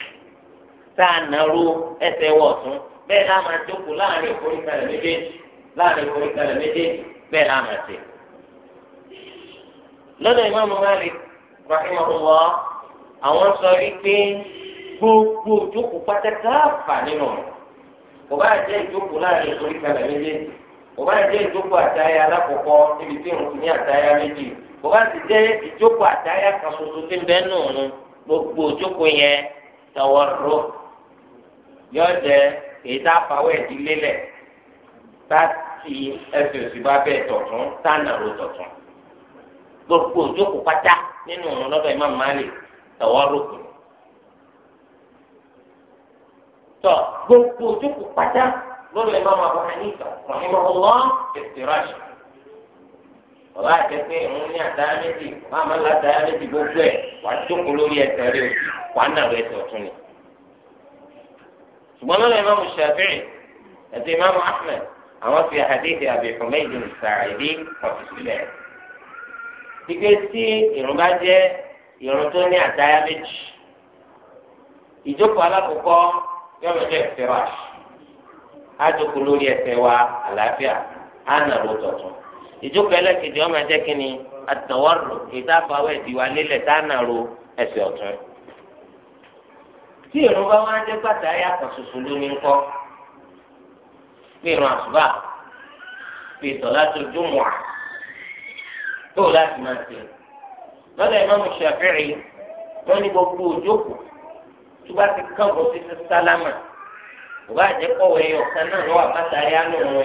tá a nàró ẹsẹ̀ ẹwọ́ ọ̀tún bẹ́ẹ̀ náà máa jókòó láàrin ìforíkalẹ̀ méjèèjì láàrin ìforíkalẹ̀ méjèèjì bẹ́ẹ̀ náà máa tẹ̀. lọ́dọ̀ ìmáàmù Malik rahimahullah àwọn sọ wípé gbogbo ìjókòó pátákà fà nínú rẹ̀ kò bá jẹ́ ìjókòó láàrin ìforíkalẹ̀ méjèèjì kò bá jẹ́ ìjókòó àtàyà alákọ̀ọ́kọ́ níbi tí òun ti ní àtàyà méjì kò bá ti jẹ́ ìjókòó àtàyà kan ṣoṣo tí ń bẹ́ẹ̀ nù gbogbo òjókòó yẹn tọwọ́rọ́ yóò jẹ èyí tá a fàwọ́ ẹ̀dí lélẹ̀ tá a ti ẹsẹ̀ òsì bá bẹ́ẹ̀ tọ̀tún tá a nàró tọ̀tún gbogbo òjókòó pátá nínú òun lọ́dọ̀ Imam Malik tọwọ́rọ́ kù tọ gbogbo òjókòó pátá lọ́dọ̀ Imam Abu Hanifa rahimahullah ìsirajì. ọba àtẹ́pẹ́ ìhun ní àtàyà méjì wọn àmọ́ látàyà méjì gbogbo ẹ̀ wà á jókòó lórí ẹsẹ̀ rẹ̀ òsì wà á ẹsẹ̀ ọ̀tún ni. ṣùgbọ́n lọ́dọ̀ ìmáàmù Shafi'i àti ìmáàmù Ahmed àwọn fi àdéhìí Abi Humayd as-Sa'idi sílẹ̀. gbígbé tí bá jẹ́ tó ní ìjókòó ẹlẹ́kejì ọmọ ẹ̀jẹ̀ kínní àtàwárò ìdáfàwọ̀ ẹ̀dìwà lélẹ̀ dáná ro ẹsẹ̀ ọ̀tún. tí ìrun bá wọn jẹ́ pàtà yàtọ̀ ṣoṣo lónìí ńkọ́ bí ìrun àsùbà bí sọ̀látù jumu'a tó láti máa ṣe. lọ́dọ̀ ìmáàmù Ṣàfi'í wọ́n ní gbogbo òjókòó tó bá ti kán bọ́ sí sálámà kò bá ọ̀kan náà lọ́wọ́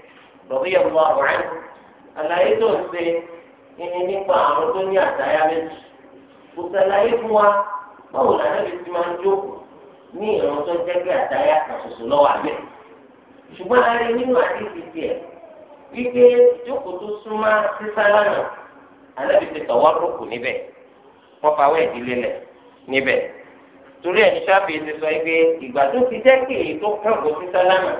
lọ́wọ́ yẹ wọ́n àwọn àyè àlàyé tó ṣe ẹni nípa àwọn tó ní àdáyà méjì kò sàlàyé fún wa báwo làwọn ẹbí ti máa ń jókòó ní ìrànwọ́ tó jẹ́ pé àdáyà kan ṣoṣo lọ́wọ́ àbẹ̀ ṣùgbọ́n a rí nínú àdéhùn tiẹ̀ wípé jókòó tó súnmọ́ sísálànà àlẹ́bí ti tọ̀wọ́ rúkù níbẹ̀ wọ́n fa awẹ́ ìdílé níbẹ̀ torí ẹni sábì ti sọ pé ìgbà tó ti jẹ́ kéèyàn tó kàn kó sísálànà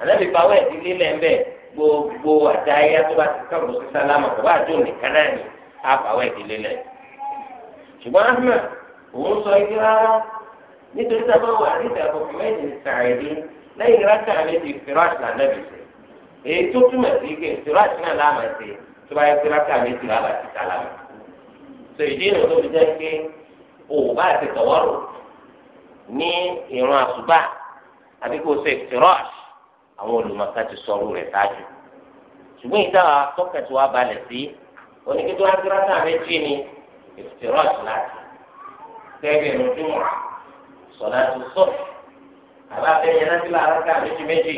àlẹ́bí fa awẹ́ ìdílé lẹ̀ gbogbo àdáyé tó bá ti kọ̀rọ̀ sí sálámà kò bá jó nìkan náà ni àbáwọ̀ ìdílé lẹ̀. ṣùgbọ́n ahmed òun sọ igi rárá nítorí sábà wà níta àkókò méjì sàrèdí lẹ́yìn rákà méjì fìràṣì náà nàbì sí. èyí tó túmọ̀ sí ike fìràṣì náà láàmà sí tó bá yẹ kí rákà méjì láàmà sí sálámà. sọ ìdí ìrìn tó fi jẹ́ pé òun bá ti ní ìrun àsùbá àbí kò ṣe fìràṣì àwọn olùmọ̀ọ́ká ti sọ̀rọ̀ rẹ̀ tájú ṣùgbọ́n ìta tọ́kẹ̀tì wa balẹ̀ sí oníkẹ́tọ́ akérátà méjì ni ìfìtìrọ́ọ̀tì láti tẹ́lẹ̀ ìrun júmọ̀ sọ̀lá tó sọ̀ àbáfẹ́ láti láàárọ̀ méjì méjì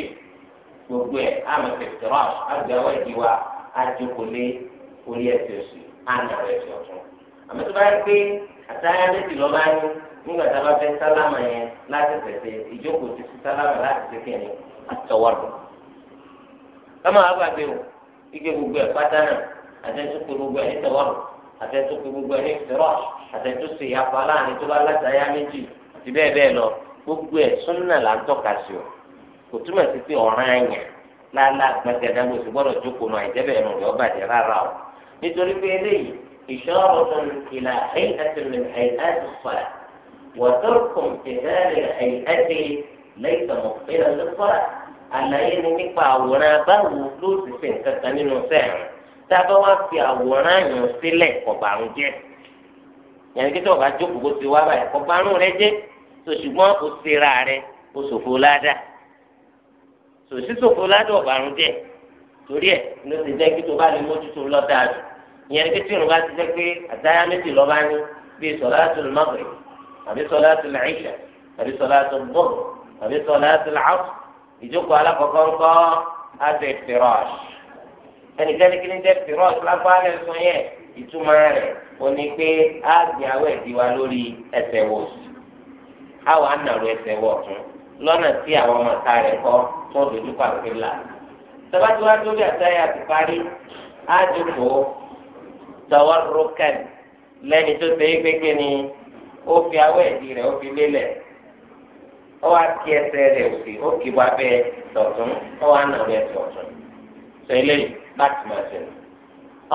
gbogbo ẹ̀ àmì ìfìtìrọ́ọ̀tì àgbẹ̀wò ìdíwà àjòkòlé orí ẹsẹ̀ òsì àná rẹ̀ ọ̀tún àmì tó bá yẹ a àtọwọ́rọ̀ ẹ máa gbàgbé o ike gbogbo ẹ̀ pátá náà àtẹ̀tùkú gbogbo ẹ̀ ní tọwọ́rọ̀ àtẹ̀tùkú gbogbo ẹ̀ ní fìrọ̀ àtẹ̀tùsí ìyapa láàrin tó bá látàyà méjì àti bẹ́ẹ̀ bẹ́ẹ̀ lọ gbogbo ẹ̀ súnà là ń tọ́ka sí o kò túmọ̀ sí pé ọ̀ràn àyàn lálá gbẹ̀gẹ̀dẹ̀ mo sì gbọ́dọ̀ jókòó náà ìjẹ́bẹ̀ ẹ̀rùn rẹ̀ ọ̀bàjẹ́ rárá o nítorí pé eléyìí إشارة إلى هيئة من هيئات الصلاة وترك امتثال الهيئة lẹ́yìn tọmọ pẹ̀lú ọlọ́pàá àlàyé ni nípa àwòrán báwo ló ti ṣe nǹkan kan nínú sẹ́ẹ̀rùn tábà wá fi àwòrán yàn sílẹ̀ kọ̀bàrún jẹ́ yẹn kí tọ́ba jókòó bó ti wá báyìí kọ̀bàrún rẹ jẹ́ tó ṣùgbọ́n o ṣera rẹ o ṣòfò ládàá sòsí ṣòfò ládàá ọ̀bàrún jẹ́ torí ẹ̀ ló ti jẹ́ kí tó bá lè mójútó lọ́dà rẹ̀ ìyẹn kí tìrùn bá ti jẹ́ pé àtàyà méjì lọ́ba ní bíi sọ̀lá tàbí sọlá ẹsẹlẹ àwọn ìjókòó alákọọkọ ńkọ àti ìfìrọṣ ẹnikẹ́ni kí ni jẹ ìfìrọṣ lágbára ẹsùn yẹn ìtumọ̀ rẹ̀ ó ní pé á gbé awọ ẹdí wa lórí ẹsẹ̀ wọ á wà á nàró ẹsẹ̀ wọ ọ̀tún lọ́nà tí àwọn ọmọ ta rẹ̀ kọ tó dojú pàṣẹ là sábàtì wa lórí àtàyà ti parí á jókòó tọwọ́ rókẹ́ni lẹ́ni tó ṣe é gbégbé ni ó fi awọ ẹdí rẹ̀ ó fi lélẹ̀. ọwọ́ àti ẹsẹ̀ rẹ̀ òsì ó kì wá bẹ́ẹ̀ tọ̀tún ọwọ́ àna rẹ̀ tọ̀tún sọ eléyìí láti máa ṣe nù.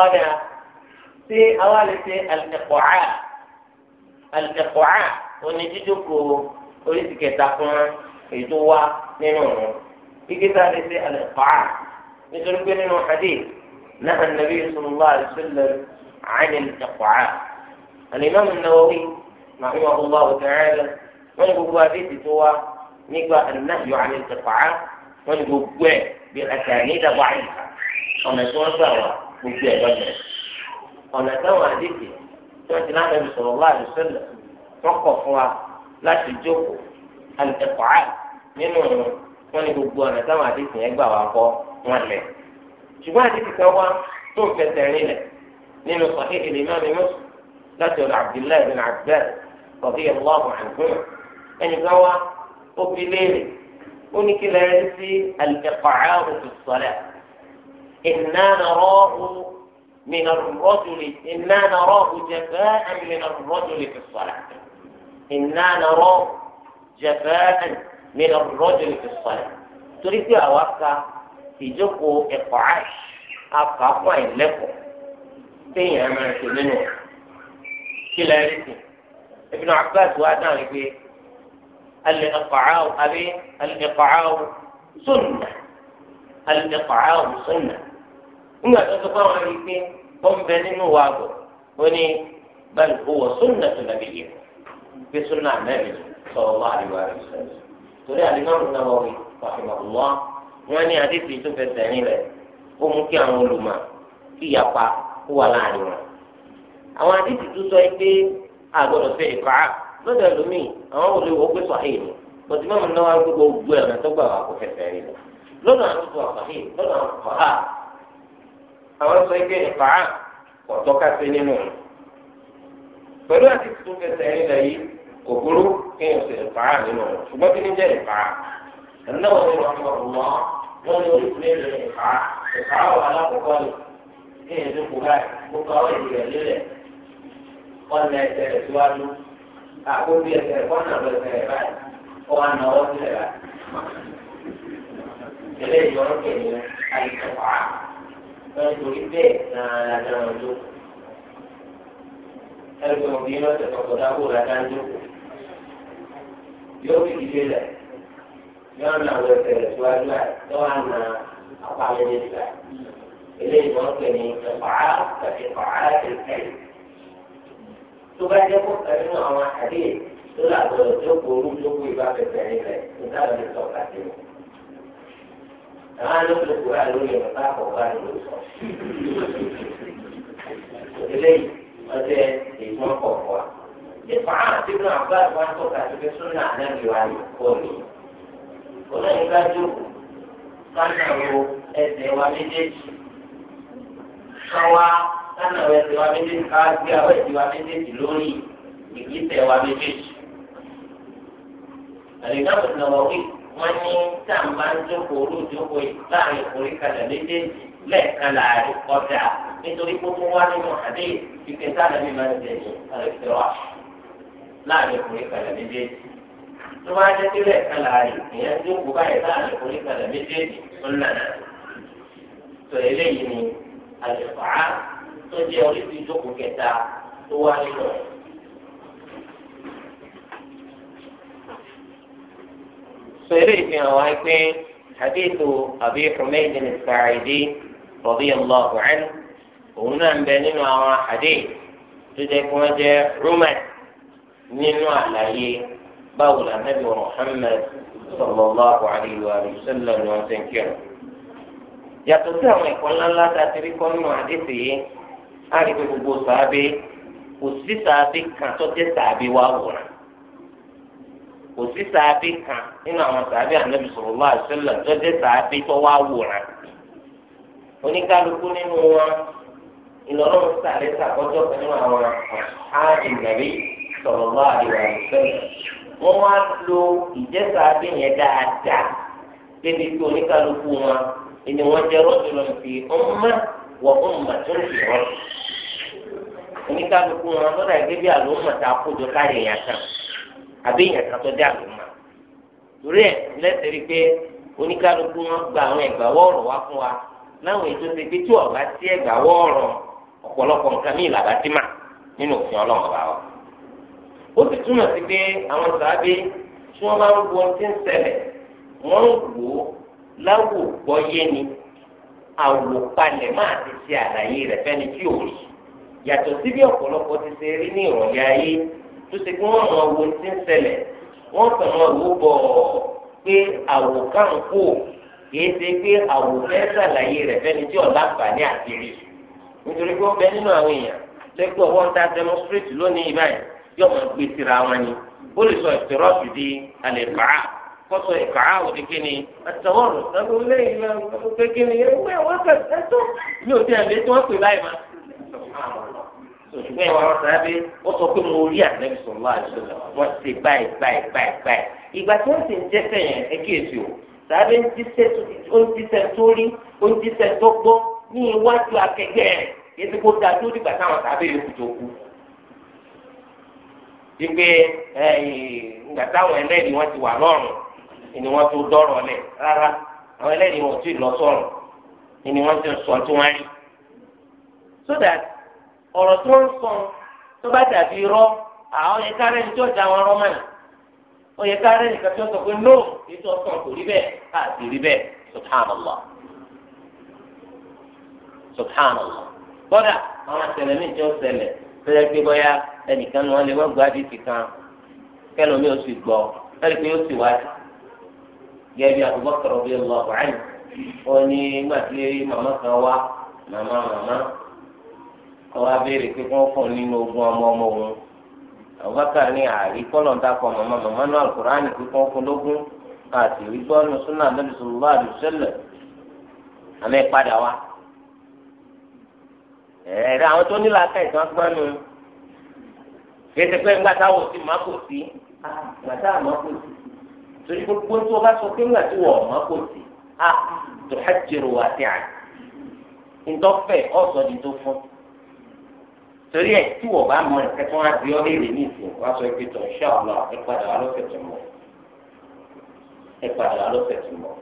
ọ̀dà tí àwa lè ṣe àlùkẹ́kọ̀ọ́ àlùkẹ́kọ̀ọ́ òní jíjókòó oríṣi kẹta fún èyí tó wá nínú òun igi tá a lè ṣe àlùkẹ́kọ̀ọ́ nítorí pé nínú nàbí hadith نهى النبي صلى الله عليه وسلم عن الإقعاء الإمام النووي رحمه الله تعالى wọ́n ní gbogbo àdéhìí tó wá nígbà ẹ̀nàyọ̀ àmì ìtẹ̀fàá wọ́n ní gbogbo ẹ̀ bí ẹ̀ka ní ìdàgbà àyíká ọ̀nà tí wọ́n gbà wá gbogbo ẹ̀ lọ́jọ́ ọ̀nà táwọn àdéhìí tí wọ́n ti náà lẹ́nu sọ̀rọ̀ wá àdùsọ́lẹ̀ tọkọ̀ fún wa láti jókòó àlùtẹ̀fàá nínú wọn ní gbogbo ọ̀nà táwọn àdéhìí yẹn gbà wá kọ́ wọn lẹ̀ ṣùgbọ́n àdéhìí ẹnìkan wá ó fi léèrè ó ní kí lè rí sí àlùkẹ́kọ̀ọ́ òkú sọ́lá iná nàrọ́ọ̀hù من الرجل إنا نراه جفاء من الرجل في الصلاة إنا نراه جفاء من الرجل في الصلاة torí pé àwa ka ìjókòó ẹ̀kọ́ àṣì àkàkọ́ ìlẹ́kọ̀ọ́ téèyàn máa ń ṣe nínú kí lẹ́yìn sí Ibn Abbas wá dáhùn pé الإقعاء أبي الإقعاء سنة الإقعاء سنة إنما تتطور فيه هم بين واقع وني بل هو سنة نبيه بسنة النبي صلى الله عليه وسلم ترى الإمام النووي رحمه الله يعني حديث يوسف الثاني وممكن أن علماء في يقع هو العنوان àwọn àdìsí tó sọ pé àgọ́dọ̀ fẹ́ ìkọ́ lọ́dọ̀ ẹlòmíì àwọn olè wò ó pé sọ̀hìn ni bọ̀dé mọ́mọ́ náà wá gbogbo gbogbo ẹ̀rọ tó gbà wà kó fẹ́fẹ́ rí lọ lọ́dọ̀ àwọn tó sọ̀hìn lọ́dọ̀ àwọn fọ̀hà àwọn sọ ike ìfàá kò tọ́ka sí nínú rẹ̀ pẹ̀lú àti tuntun fẹsẹ̀ rí lọ yìí kò burú kí n sì ìfàá nínú rẹ̀ ṣùgbọ́n kí ni jẹ́ ìfàá ẹ̀náwó ni wọ́n mọ̀ wọ́n ni kí n sì kú ọ̀nà ẹ̀sẹ̀ síwájú àkókò ẹsẹ̀ ẹ̀kọ́ náà lọ ẹsẹ̀ rẹ̀ báyìí kọ́ wa nà ọwọ́ sílẹ̀ báyìí. eléyìí ọ̀rọ̀ kẹ̀lé àìsàn wà á lọ́n torí bẹ́ẹ̀ náà ládàá wọn jókòó. ẹgbẹ́ òbí lọ́sẹ̀ kọ̀kọ̀dá kó ládàá jókòó. yóò fi ìdílé lẹ̀ yóò nà ọwọ́ ẹsẹ̀ rẹ̀ síwájú àì tó wà nà apá tó bá jẹ́ kó kàn nínú àwọn àdé tó làbọ̀dọ̀ tó gbòòrú tó kú ìbá pẹ̀pẹ̀ nílẹ̀ tó dábàá lè sọ kàdé o. àwọn alóòtú kúrò àlóyè bàbá àkọ́kọ́ àlóyè sọ. eléyìí wọ́n jẹ́ ìgbọ́n kọ̀ọ̀kọ́ wa. nípa àti inú àbá ìwà tó kàdé pé súnà ànábì wa yìí kọ́ mi. olóyìn bá jókòó kánà ro ẹsẹ̀ wa méjèèjì. káwa kánà wẹ̀ tiwa méjèèjì ká gbé àwẹ̀ tiwa méjèèjì lórí ìgbésẹ̀ wa méjèèjì. àlejò àbùsùn ọ̀wọ́ wí wọ́n ní sàǹbà ń jókòó orú ìjókòó láàrin ìkórè kalẹ̀ méjèèjì lẹ́ẹ̀kan láàrin ọjà nítorí gbogbo wa nínú àdé ìfẹ́ sáà lẹ́mí máa ń tẹ̀lé àlejò wa láàrin ìkórè kalẹ̀ méjèèjì tó bá jẹ́ sílẹ̀ kan láàrin ìyẹn tó báyìí láàrin oníkàlẹ̀ méjèèjì tó jẹ́ oríṣi ìjókòó kẹta tó wá nínú ẹ̀. sọ̀rọ̀ ìfihàn wa pé hadithu Abi Humayd as-Sa'idi radiyallahu anhu òun náà ń bẹ nínú àwọn hadith tó jẹ́ kí wọ́n jẹ́ rúmẹ̀t nínú àlàyé báwo la Nabi Muhammad sallallahu alayhi wa sallam ni wọ́n ti ń kírun. yàtọ̀ sí àwọn ẹ̀kọ́ ńláńlá tá a ti rí kọ́ nínú hadith yìí á rí pé gbogbo sàábé kò sí sàábé kan tó jẹ́ sàábé wá wòrán kò sí sàábé kan nínú àwọn sàábé ànábì sallallahu alaihi wasallam tó jẹ́ sàábé tó wá wòrán oníkálukú nínú wọn ìlọrọrùn sàlẹ̀ sàkọjọ pẹ̀lú àwọn ààrùn nàbí sallallahu alaihi wasallam wọn wá lo ìjẹsàábé yẹn dáadáa débi pé oníkálukú wọn ni wọn jẹ rọjò lọ ọmọ wọn ọmọ tó ń fi oníkálukú wọn lọ́dà gẹ́gẹ́ bí àlùmọ̀ tá a kójọ káyọ̀ èèyàn kan àbí èèyàn kan tó dé àlùmọ̀ torí ẹ̀ lẹ́sẹ̀ rí pé oníkálukú wọn gba àwọn ẹ̀gbà wọ́ọ̀rọ̀ wá fún wa láwọn ètò ṣe pé tí ọ̀gá sí ẹ̀gbà wọ́ọ̀rọ̀ ọ̀pọ̀lọpọ̀ nǹkan mí làbá ti mà nínú òfin ọlọ́run ọba wa ó sì túmọ̀ sí pé àwọn sàábé tí wọ́n máa ń wo ohun ń ṣẹlẹ̀ wọ́n ń wò ó láwò gbọ́yé ni àwòpalẹ̀ máa ti ṣe àlàyé rẹ̀ fẹ́ni tí ò rí yàtọ̀ sí bí ọ̀pọ̀lọpọ̀ ti ṣe rí ní ìrọ̀lẹ́ ayé tó ṣe pé wọ́n mọ owó tí ń ṣẹlẹ̀ wọ́n sọ mọ owó bọ̀ pé àwòkán kù kìí ṣe pé àwòfẹ́ ṣàlàyé rẹ̀ fẹ́ni tí ọ̀la àǹfààní àti rí nítorí pé ó bẹ nínú àwọn èèyàn lẹ́gbẹ́ ọwọ́ ń ta demonstrate lónìí báyìí yóò mọ̀ gbé síra wọn ni ó lè sọ ìtìrọ́ọ̀tù di alẹ́ bàá kọsọ ìkàá òde kíni àtàwọn ọ̀rọ̀ sábẹ́ olóyìn náà ó fẹ́ kíni ẹ̀ wọ́n kà sẹ́tọ̀ ní òde àlejò wọn pè báyìí máa ṣùgbọ́n ìwà ọ̀rọ̀ sábẹ́ ó sọ pé mo rí àtẹ́bí sọ̀rọ̀ àìsọ̀rọ̀ wọ́n ṣe báyìí báyìí báyìí báyìí ìgbà tí wọ́n sì ń jẹ́sẹ̀ yẹn ẹ kíyèsí o sábẹ́ ń jíṣẹ́ tó rí ó ń jíṣẹ́ tó gbọ́ ní iwájú akẹgbẹ́ rẹ̀ yẹtí kó da tó dìgbà táwọn sábẹ́ yòókù tó kú. wípé ìgbà táwọn ẹlẹ́rìí wọn ti wà lọ́rùn ni wọ́n tó dọ́rọ̀ lẹ̀ rárá àwọn ẹlẹ́rìí wọn ò tí ì lọ sọ̀rọ̀ ni wọ́n ti sọ tí wọ́n rí. so that ọ̀rọ̀ tí wọ́n ń sọ tó bá dàbí irọ́ àwọn yẹ kárẹ́ ní tí ọjà wọn rọ́ mọ́nà ó kárẹ́ nìkan tí wọ́n sọ pé no ètò ọ̀sán kò rí bẹ́ẹ̀ àti rí bẹ́ẹ̀ subhanallah subhanallah àwọn mi tó yẹ pé ẹnìkan ni wọ́n wọ́n kan sì gbọ́ sì ọwọ́ abéèrè pé nínú ogun ọmọ ọmọ òun Abubakar ní àárí kọ́lọ̀ ń dákọ̀ màmá màmá náà Al-Qur'ani pé wọ́n lógún àti ìrìkọ́ súnà àmì ìpadà wa. àwọn tó nílò aka ìtàn gbọ́nù kéde pé sí bá sọ pé sí a ah, tó wa torí ẹ tí wọ́n bá mọ ẹ̀kẹ́ tí wọ́n á di ọ́ léèrè ní ìsìn wọ́n á sọ pé tọ̀ ṣé ọ̀la ẹ padà wá lọ́sẹ̀ tó mọ̀ ẹ padà wá lọ́sẹ̀ tó mọ̀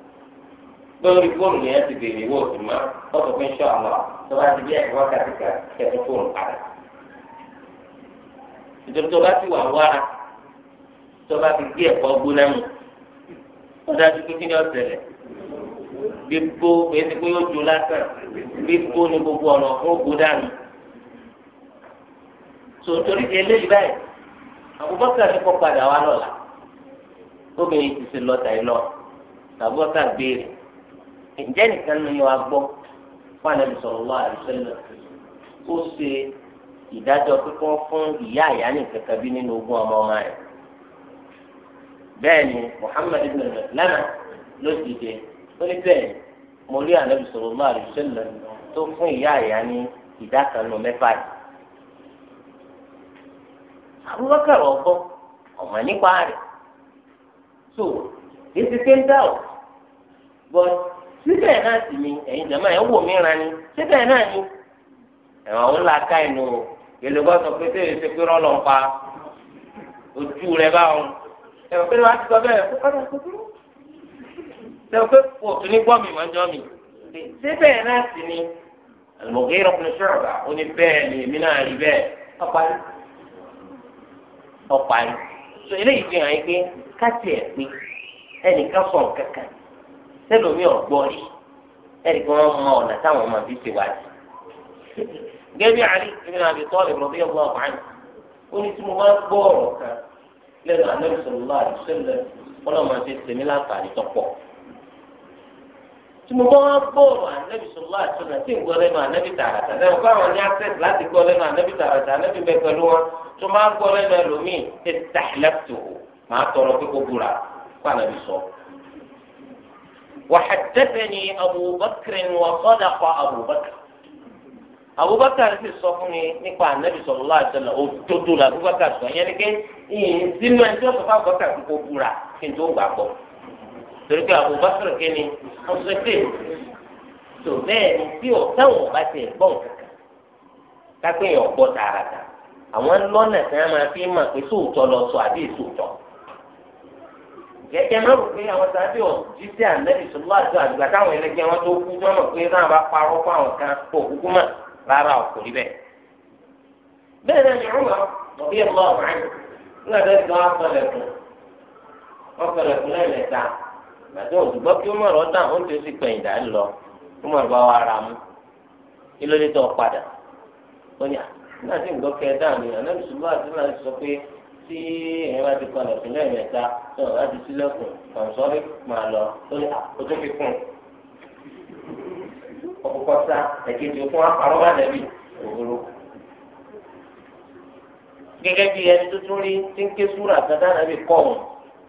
lórí fóònù yẹn ti bèrè wọ́n ti mọ̀ wọ́n sọ pé ṣé ọ̀la tó bá ti bí ẹ̀kọ́ wákàtí kan kẹ́tọ́ fóònù padà ìjọba tó bá ti wà wára tó bá ti gbé ẹ̀kọ́ gbóná mu ó dájú pé kí ni ọ̀sẹ̀lẹ̀ gbígbó èyí ti pé ó jó lásán gbígbó ni gbogbo ọ̀nà fún ògbó dànù tó torí di eléyìí báyìí Abubakar ti kọ́ padà wá lọ́la obìnrin ti ṣe lọ́tà yìí lọ Abubakar béèrè ǹjẹ́ nìkan ni wàá gbọ́ fún Ànábì sallallahu alaihi wasallam ó ṣe ìdájọ́ kíkọ́ fún ìyá ìyá nìkan kabi nínú ogún ọmọ ọmọ rẹ̀ bẹ́ẹ̀ ni Muhammad ibn Maslama ló dìde ó ní bẹ́ẹ̀ mo rí Ànábì sallallahu alaihi wasallam tó fún ìyá ìyá ní ìdá kan nù mẹ́fà yìí. Abubakar ọ̀gbọ́ ọmọ nípa rẹ̀ so èsì pé ń dá ọ̀ but síbẹ̀ náà sì ni ẹ̀yin jẹ̀mọ́ ẹ̀ wò mí ra ni síbẹ̀ náà ni ẹ̀wọ̀n àwọn ńlá ká inú ìlúgbọ́ sọ pé ṣé èsì pé rọ́ọ̀lọ́ ń pa ojú rẹ̀ báwọn ẹ̀wọ̀n pé wọ́n á ti sọ bẹ́ẹ̀ fún kọ́dà tó dúró sẹ́wọ́n pé kò tún ní gbọ́mì mọ́jọ́ mi síbẹ̀ náà sì ni àlùmọ̀gẹ́ ìrọ̀kùnrin ṣọ̀rọ̀ ọparí tó eléyìí fi hàn yín pé káàtì ẹ̀ pé ẹnìkan sọ nǹkan sẹ́lómi ọ̀gbọ́n rí ẹnìkan wọn mọ ọ̀nà táwọn ọmọ bíi ti wáyé gẹ́gẹ́ àlè ìbí náà àbítọ́ ìrọ̀lẹ́ bí ọgbọ́n ọ̀hán ó ní tí mo máa ń gbọ́ ọ̀rọ̀ kan lẹ́nu àná ìṣòro ọlọ́mọdé tọ́pọ̀ tí mo bá wọn bọ̀rọ̀ ànábì sọ̀rọ̀ àti ọ̀nà tí ń gbọ́ lẹ́nu ànábì tààràtà náà kó àwọn ní access láti gbọ́ lẹ́nu ànábì tààràtà ànábì bẹ pẹ̀lú wọn tó máa ń gbọ́ lẹ́nu ẹlòmíì ṣe tàhílẹ́tò máa tọrọ pé kó búra fún ànábì sọ. وحدثني أبو بكر وصدق أبو بكر أبو بكر sì sọ fún mi nípa ànábì صلى الله عليه وسلم òdodo la Abu Bakr sọ yẹn ni pé ìyẹn sínú ẹjọ́ sọ fún torí pé Abubakar kẹ́ni ọ̀sẹ̀tẹ̀ tó bẹ́ẹ̀ ni tí ọ̀táwọn ọba ti tààràtà àwọn lọ́nà tí máa fi mọ̀ pé lọ sọ àbí gẹ́gẹ́ rò pé àwọn sábẹ́ ọ̀jí sí sọ́lá àti àwọn kan kó kúkú mọ̀ rárá rí bẹ́ẹ̀. bẹ́ẹ̀ náà ẹ̀ nígbà tó gbàtí òdùgbọ́ kí Umar ọ̀dà ó ti sì pẹ̀yìn dà lọ Umar bá wa ra mu kí ló dé tó padà ó ní àná sí nǹkan kẹ dáhùn ní àná ìṣubú àti náà sọ pé tí èèyàn bá ti kọlọ̀ sí lẹ́ẹ̀mẹ́ta tó o bá ti sílẹ̀kùn kọ̀ǹsọ́rí máa lọ ó ní àkótó kíkùn ọkọ̀ sá ẹ̀kejì fún àpárọ̀ bá dẹ̀bi òwúrò gẹ́gẹ́ bí ẹni tó rí tí ń ké súrà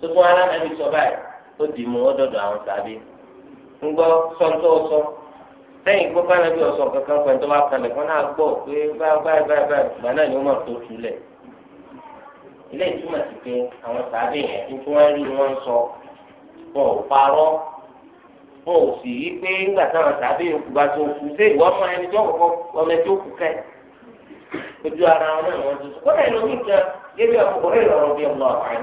tuntun ara nàbí sọ báyìí ó dì mú ọdọdọ àwọn tàbí ń gbọ́ sọńtọ ọsọ lẹ́yìn gbọ́ bá nàbí ọsọ kankan pẹ tó bá kalẹ̀ kọ náà gbọ́ pé báyìí báyìí báyìí báyìí gbà náà ni ó máa tó tulẹ̀ ilé ìtumọ̀ sí pé àwọn tàbí yẹn tuntun wọn rí wọn sọ wọn ò parọ́ wọn ò sì yí pé ńgbà táwọn tàbí yòókù bá tó kú sí ìwọ ọmọ ẹni tó kọ́kọ́ ọmọ ẹni tó kù kẹ ojú ara wọn náà wọn tuntun kọ́ńtà ìlú mi kan yébí ọkùnrin ọ̀rọ̀ bíi ọmọ àwọn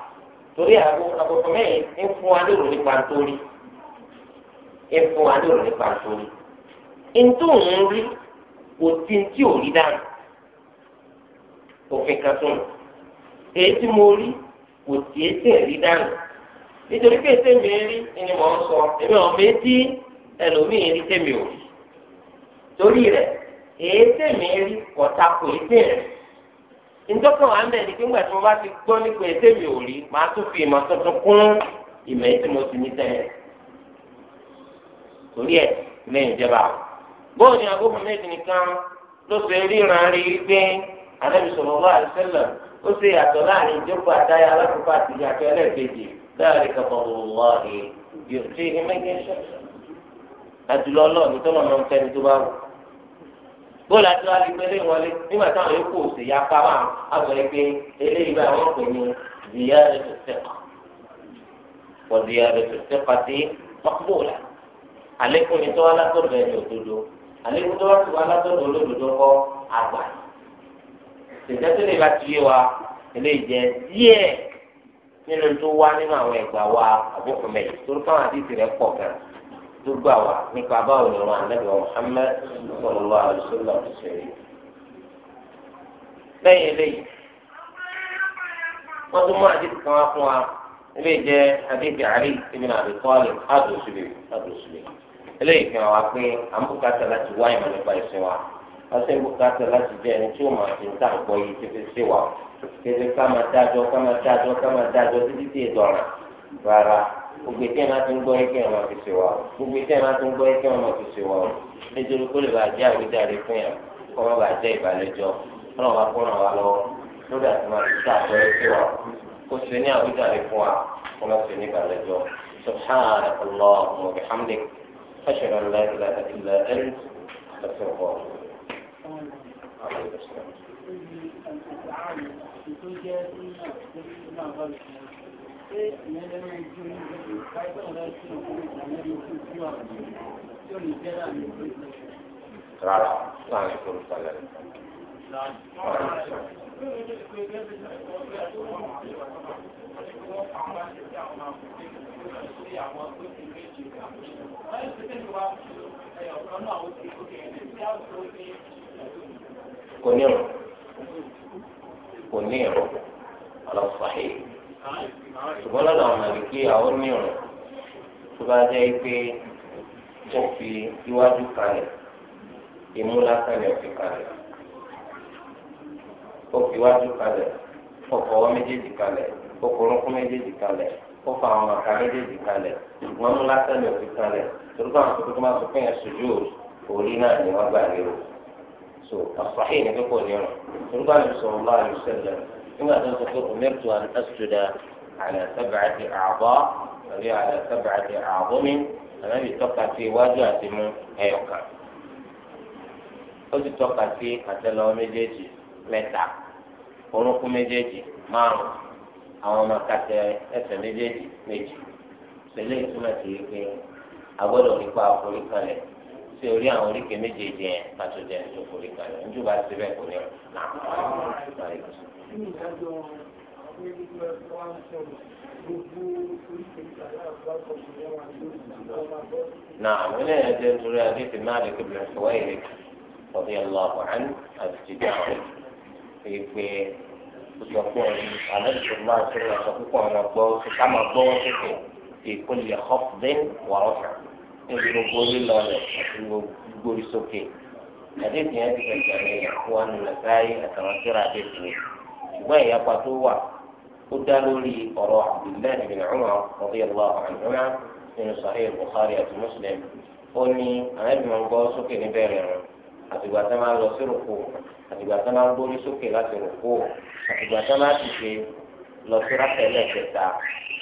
torí àgùntàn mẹ́rin ń fún wa lóru nípa nítorí ń fún wa lóru nípa nítorí ntó ń rí kò tí ń tí ò rí dáná òfin kan tó nù èyí tí mo rí kò tí é tí ì rí dáná nítorí pé tèmi rí ni mò ń sọ èmi ò méjì ẹlòmíì rí tèmi ò rí torí rẹ̀ èyí tèmi rí kọ̀ọ̀ta kò rí tèmi rí ntọ́kàn wà mẹ́rin ni kígbà tí mo bá ti gbọ́ nípa ẹ̀tẹ́ mi ò rí màá tún fi ìmọ̀ tuntun kún ìmọ̀ tí mo ti ní tẹ́lẹ̀ torí ẹ̀ lẹ́yìn ìjọba bóun ni agbóhùn méjì nìkan ló ṣe ríran rí pé Ànábì sallallahu alaihi wasallam ó ṣe yàtọ̀ láàrin ìjókòó àtayà alákòókò àti ìyàtọ̀ ẹlẹ́ẹ̀kejì láàrin kàfọ̀ọ̀lọ́ọ̀hìn yóò bóòlù àti wàá di pélé wọlé nígbà táwọn yòókù òsè ya pa wà àwọn ẹgbẹ́ eléyìí bá wọn pè ní ziyadé tó sẹkọ wọ ziyadé tó sẹkọ sí mọkúbóòlà àlékún ni tó látọ̀dọ̀ ẹni òdodo àlékún tó wà tó látọ̀dọ̀ olódodo kọ àgbà tètè lè bá ti yé wa eléyìí jẹ díẹ̀ nínú tó wá nínú àwọn ẹgbà wa àbúkù mẹ tó gbà wá nípa báwo ni wọn ànábì wa Muhammad sallallahu alaihi wasallam ṣẹlẹ̀. lẹ́yìn eléyìí wọ́n tún mú àdìsí kan wá fún wa ilé jẹ́ àdìsí àrí ibn Abi Talib àdùsùlẹ̀ àdùsùlẹ̀ eléyìí fi hàn wá pé àmúkàtà láti wá ìmọ̀ nípa ìsìn wa ọsẹ bùkátà láti jẹ ẹni tí ó máa fi ń tà gbọ́ yìí tí fi ṣe wà kéde ká máa dájọ́ ká máa dájọ́ ká máa dájọ́ títí gbogbo ìtẹ́ máa ti ń gbọ́ ẹgbẹ́ wọn ti ṣe wà ó gbogbo ìtẹ́ máa ti ń gbọ́ ẹgbẹ́ wọn ti ṣe wà ó nítorí kó lè bàa jẹ́ àwíjàre fún yà kó má bàa jẹ́ ìbàlẹ́jọ́ ọlọ́run wa kúràn wa lọ́wọ́ lórí àti máa ti sá àtọ́ ẹgbẹ́ wa kó ṣe ní àwíjàre fún wa kó má ṣe ní ìbàlẹ́jọ́ سبحانك اللهم أشهد أن لا إله إلا أنت أستغفرك وأتوب rárá kò ní ìrọ̀ kò ní ìrọ̀ ọlọ́sàáyé ṣùgbọ́n lọ́dọ̀ àwọn àlùkí àwọn mìíràn tó bá jẹ́ pé ó fi iwájú kalẹ̀ imú lásán ni ó fi kalẹ̀ ó fi iwájú kalẹ̀ ó fọwọ́ méjèèjì kalẹ̀ ó korúnkún méjèèjì kalẹ̀ ó fa àwọn màkà méjèèjì kalẹ̀ ṣùgbọ́n mú lásán ni ó fi kalẹ̀ torí báwọn akókò tó máa sọ fún yẹn sojú orí náà ni wọ́n gbà lérò so àfàhìn ní pípọ̀ nírun torí báwọn sọ̀rọ̀ nígbà tó ń sọ pé umirtu an asjuda ala sab'ati a'dha tàbí ala sab'ati a'dhumi ànábì tọ́ka sí iwájú àti mú ẹyọ̀kan ó sì tọ́ka sí àtẹ́lẹwọ́ méjèèjì mẹ́ta orúnkún méjèèjì márùn àwọn ọmọ kàtẹ ẹsẹ̀ méjèèjì méjì pẹ̀lú ìtumọ̀ sí i pé agbọ́dọ̀ nípa àforí kalẹ̀ sí orí àwọn oríkèé méjèèjì yẹn pàtó jẹ nítorí forí kalẹ̀ níjú bá ti bẹ́ẹ̀ kò ní nà. نعم من أجل حديث مالك بن حويرث رضي الله عنه التجاري في في يقول عليه الصلاة والسلام كما قال في كل خفض ورفع níbi gbogbo lílọ rẹ̀ àti gbogbo ìsókè àdéhùn yẹn ti fẹsẹ̀ rẹ̀ wà nílẹ̀ káyé àtàwọn síra àdéhùn rẹ̀ ṣùgbọ́n ìyapa tó wà ó dá lórí ọ̀rọ̀ Abdullahi bin Umar radiyallahu anhuma nínú Sahih Bukhari àti Muslim ó ní àyẹ̀dùnmọ̀ ń gbọ́ sókè níbẹ̀rẹ̀ rẹ̀ àtìgbà tá máa lọ sí rògbò àtìgbà tá máa gbórí sókè láti rògbò àtìgbà tá máa ti ṣe lọ sí rákẹ́lẹ̀ kẹta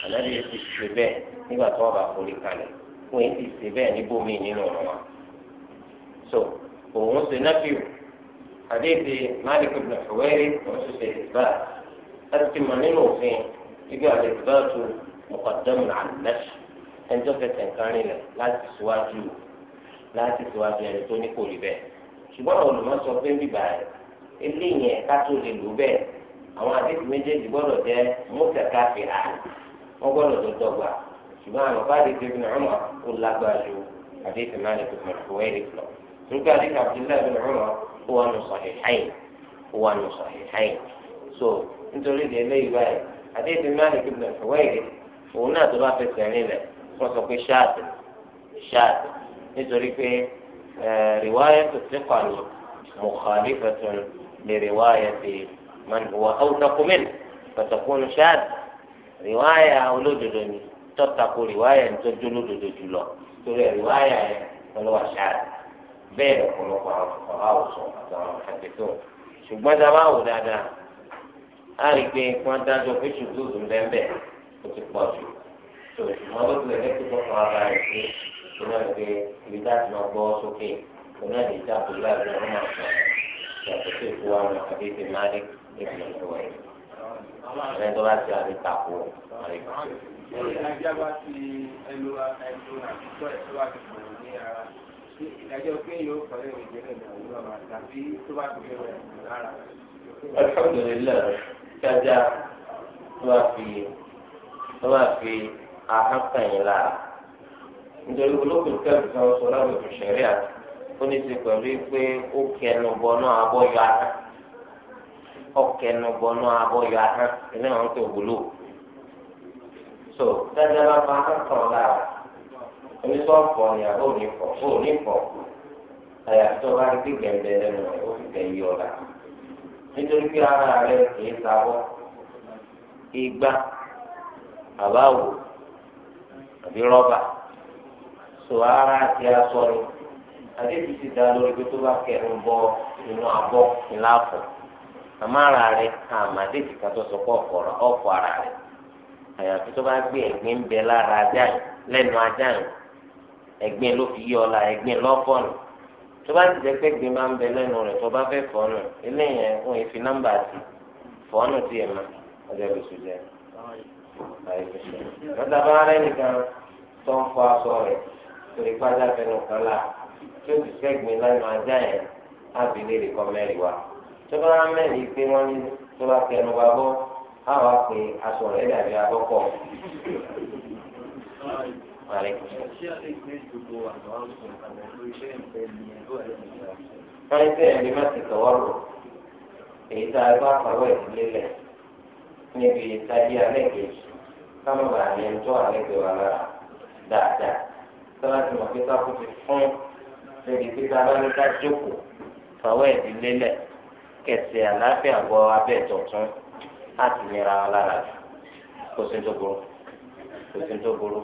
ànábi ti ṣe bẹ́ẹ̀ nígbà tó wà bá forí kalẹ̀ wọn èyí ti ṣe bẹ́ẹ̀ nínú ọ̀rọ̀ wa so òun ṣe náfíù àdéhìí Malik ibn Huwairi òun ṣe ṣe ìgbà láti ti mọ nínú òfin ibi àdéhìbá tó mọ̀kàdánù àlùmẹ́sì ẹjọ́ fẹsẹ̀ nǹkan rinlẹ̀ láti síwájú láti síwájú ẹni tó ní kò rí bẹ́ẹ̀ ṣùgbọ́n àwọn olùmọ̀sọ pé bíbá ẹ̀ eléyìí ẹ̀ka tó lè lò bẹ́ẹ̀ àwọn àdéhìí méjèèjì gbọ́dọ̀ jẹ́ mọ́tẹ̀ká fìhà wọ́n gbọ́dọ̀ tó dọ́gba سبحان وفادك ابن عمر لا باجو حديث مالك بن الحويرث له قال لك عبد الله بن عمر هو من صحيحين هو من صحيحين سو انت تريد لي باي حديث مالك بن الحويري هو ناس الحويرث هنا ضرافة ثانية وسوف شاتم انت تريد في آه، رواية الثقة مخالفة لرواية من هو أوثق منه فتكون شاذة رواية أو لجدني tọ́tako rìwáyà ń tọ́jú lódodo jùlọ torí rìwáyà yẹn lọ́wọ́ àṣàrà bẹ́ẹ̀ ọ̀pọ̀lọpọ̀ àwọn àwòsàn àti àwọn àtẹ̀tọ̀ ṣùgbọ́n tá a bá wò dáadáa á rí i pé wọ́n dájọ́ pé ṣùgbọ́n òun bẹ́ẹ̀ ó ti pọ̀ jù tó ìmọ̀ ló ti lẹ́kọ̀ọ́ tó kọ́ ara rẹ̀ sí ìmọ̀ ìgbé ibi láti máa gbọ́ sókè òun náà lè dá àbúrò láti ọmọ àṣà yàtọ̀ sí ìfowópamọ́ àbí ìfẹ́ máa rí ìfẹ́ ìfowópamọ́ ẹni tó bá ti àrí tako àrí ìdájọ́ bá ti ẹlò ẹlò àtijọ́ ẹ̀ tó bá ti sọ̀rọ̀ ní ara ìdájọ́ pé yóò fọ́lẹ́ ìjẹ́lẹ̀ ìdájọ́ bá tàbí tó bá ti bẹ̀rẹ̀ lára. alhamdulillah jaja tó bá fi tó bá fi ahọ́n kan yìí lára nítorí olókùn kẹ́lù kan sọ lábẹ́ òṣèré àti ó pẹ̀lú pé ó kẹnu bọ náà abọ́ yọ ara ọ̀kẹ́nubọ̀nù abọ́yọ ahọ́n ilé wọn tó wúlò. so dájọ́ bá fa akọ̀tàn lára onísọ̀ọ̀pọ̀ ni àbọ̀ onífọ̀ fún onífọ̀ àyàfi tó bá rí gbẹ̀ǹdẹ̀ lẹ́nu rẹ̀ ó fi tẹ̀ yí ọ̀la nítorí pé ara rẹ̀ kìí sáwọ́ igba àbáwò àbí rọ́bà so ara ti aṣọ ni adébísí dá lórí pé tó bá kẹnu bọ inú abọ́ ńlá fún un àmọ́ ara rẹ̀ àmàdé ti kàtó sọ pé ọ̀fọ̀ ọ̀fọ̀ ara rẹ̀ àyàfi tó bá gbé ẹ̀gbin ń bẹ lára ajá yìí lẹ́nu ajá yìí ẹ̀gbin ló fi yí ọ la ẹ̀gbin lọ́fọ̀ nù tó bá ti jẹ́ pé ẹ̀gbin máa ń bẹ lẹ́nu rẹ̀ tó bá fẹ́ fọ́ nù eléyìí ẹ̀ ń fi nọ́mbà sí fọ́ nù tiẹ̀ mọ́ ọjọ́ ìbùsùn jẹ́ lọ́dà bá rẹ̀ nìkan tó ń fọ aṣọ rẹ̀ torí pàjá fẹnu kan la tó ti fẹ́ lẹ́nu ajá yẹn á fi lè rìkọ́ mẹ́rin wa tọ́ba mẹ́rin pé wọ́n ní tọ́ba kẹnu bá bọ́ àwọn àpè aṣọ rẹ̀ dàbí àkọ́kọ́. wọ́n ti ẹ̀mí má ti tọ̀wọ́rọ̀ èyí tá a bá pàwọ́ ẹ̀sìn lélẹ̀ níbi ìtají alẹ́ kejì káwọn bá ní ẹni tó alẹ́ kejì wà lára dáadáa tọ́lá ti mọ̀ pé ká kó ti fún níbi pé ká jókòó pàwọ́ ẹ̀sìn lélẹ̀ kẹsẹ̀ àlàáfíà gbọ́ abẹ́ ìtọ̀tún láti nira wọn lára kò sí tó burú kò sí tó burú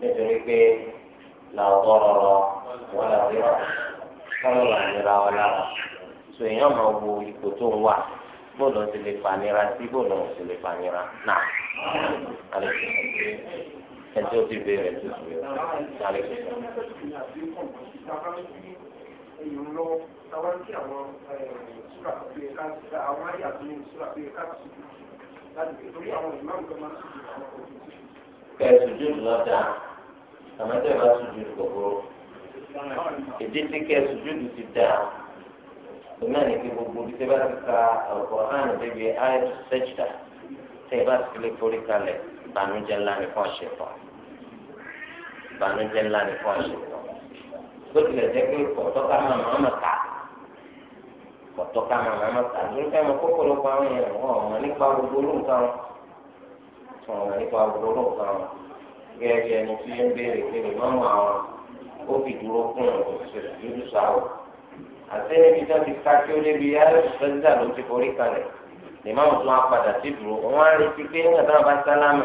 nítorí pé làwọ̀ rọrọ wọn là rí rọ wọn là nira wọn lára tó èèyàn máa wo ipò tó ń wà bóòlù ti lè fanira sí bóòlù ti lè fanira náà ẹjọ́ ti bẹ̀rẹ̀ tó ti bẹ̀rẹ̀ èèyàn lọ́wọ́ táwa ń kí àwọn sùúrà tó yẹ ká ti àwọn àyà tó yẹ sùúrà tó yẹ ká ti sùn láti pè torí àwọn ìmáàmù tó máa ń sùn àwọn òbí. kẹ̀sì jù lọ́dà àmọ́ tẹ́ bá sùn kòkòrò èdè tí kẹ̀sì jù ti dà òun náà ní gbogbo bí tẹ́ bá ti ka Al-Qur'an débi ayé tó sẹ́jìdà tẹ́ bá ti lè forí kalẹ̀ ìbànújẹ́ ńlá ní fún ọ̀ṣẹ̀fọ̀ ìbànújẹ́ ńlá ní fún ọ̀ṣẹ̀fọ̀ bó tilẹ̀ jẹ́ pé kọ̀tọ́ ká máa máa máa ta kọ̀tọ́ ká máa máa máa ta lórí ká máa kókòlópa àwọn èèyàn wọn ọ̀mọ̀ nípa gbogbo olóǹkà wọn wọn ọ̀mọ̀ nípa gbogbo olóǹkà wọn gẹ́gẹ́ bí ẹni tí ń béèrè pé ìmọ̀mù àwọn ó fi dúró fún òṣèlú dúdú sáwọ̀ àti ẹni tó ti ká kí ó lébi ayélujára ló ti forí kalẹ̀ ìmọ̀mù tó wá padà dúró wọn á retí pé nígbà táwọn bá sálámà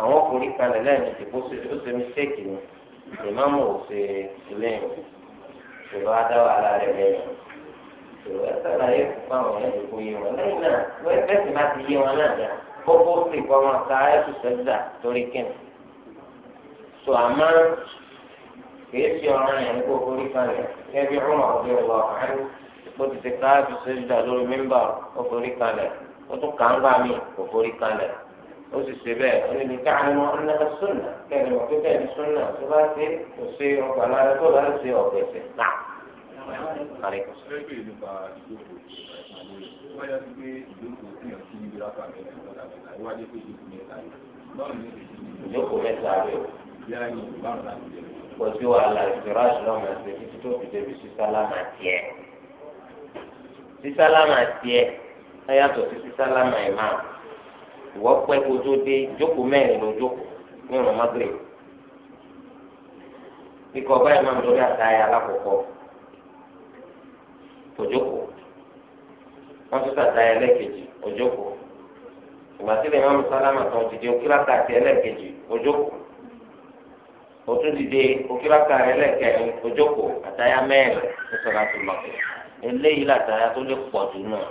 àwọn forí kalẹ̀ lẹ́yìn ìdìbò ó ṣe mí ìmáàmù ò ṣe lẹ́yìn ìṣòro adáwà ara rẹ̀ lẹ́yìn ìṣòro ẹ̀sàlàyé fún àwọn ẹ̀yìn ìkó yé wọn lẹ́yìn náà wọ́n ẹgbẹ́ sì máa ti yé wọn náà dá kókó sì kọ́ wọn ká ẹ̀sù sẹ́dá torí kíni. sọ àmọ́ kìí ṣe ọ̀ràn yẹn kó orí kalẹ̀ kẹ́bí ọmọ ọ̀gbìn ọ̀gbà ọ̀hánú kó ti ti ká ẹ̀sù sẹ́dá lórí mímbà ó forí kalẹ̀ ó tún kàńgbà míì kò forí kalẹ̀ ó sì ṣe bẹ́ẹ̀ ó ní ká àwọn ọmọ ọ̀nà sùnà kẹ́ni wọ́n pé bẹ́ẹ̀ ni sùnà tó bá ṣe kò ṣe ọgbà lára tó bá ṣe ọ̀gbẹ̀ ṣe nà. ìjókòó mẹ́ta rẹ̀ o pọ̀jù àlàfíìrọ́ọ̀ṣì lọ́mọ ẹ̀sẹ̀ títí tó fi débi sísálámà tiẹ̀ sísálámà tiẹ̀ ẹ̀yàtọ̀ sí sísálámà ìmáàmù ìwọ pẹ́ kojú dé jókòó mẹ́rin ló jókòó ní ìrun magre ikọ̀ báyìí máa ń lórí àtàyà alákọ̀ọ́kọ́ òjókòó wọ́n tún tàtàyà ẹlẹ́ẹ̀kejì òjókòó ìgbà tí lèèmọ́ mùsálámà kan dìde òkìlákà àti ẹlẹ́ẹ̀kejì òjókòó òtún dìde òkìlákà ẹlẹ́ẹ̀kẹrin òjókòó àtàyà mẹ́rin ní sọ̀rọ̀ àti lọ́kọ̀ eléyìí làtàyà tó lè pọ̀ jù náà